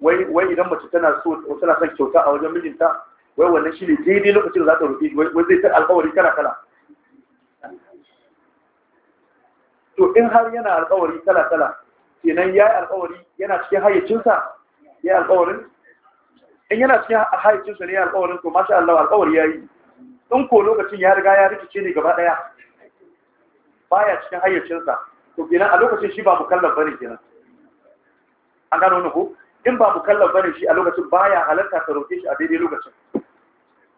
wai wai idan mace tana so tana son kyauta a wajen mijinta wai wannan shine daidai lokacin da za ta roƙi wai zai ta alƙawari kala kala to in har yana alƙawari kala kala kenan ya yi alƙawari yana cikin hayyacinsa ya yi alƙawarin in yana cikin haicinsa ne alƙawarin to masha Allah alkawar ya yi in ko lokacin ya riga ya rikice ne gaba ɗaya baya cikin hayyacinsa to kenan a lokacin shi ba mu kallon bane kenan an gano ne ko in ba mu kallon bane shi a lokacin baya halarta ta roke shi a daidai lokacin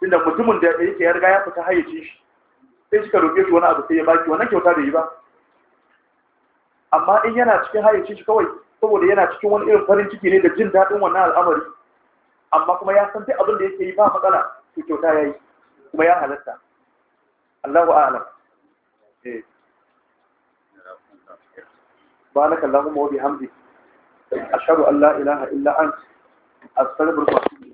Inda mutumin da yake ya riga ya fita hayyaci shi sai shi ka roke shi wani abu sai ya baki wannan kyauta da yi ba amma in yana cikin hayyacin shi kawai saboda yana cikin wani irin farin ciki ne da jin daɗin wannan al'amari amma kuma ya san sai abin da yake yi ba matsala su kyauta ya yi kuma ya halatta allahu alam eh. ba na kallon mawabi hamdi a shaɗu allah ilaha illa an a tsarbar kwasu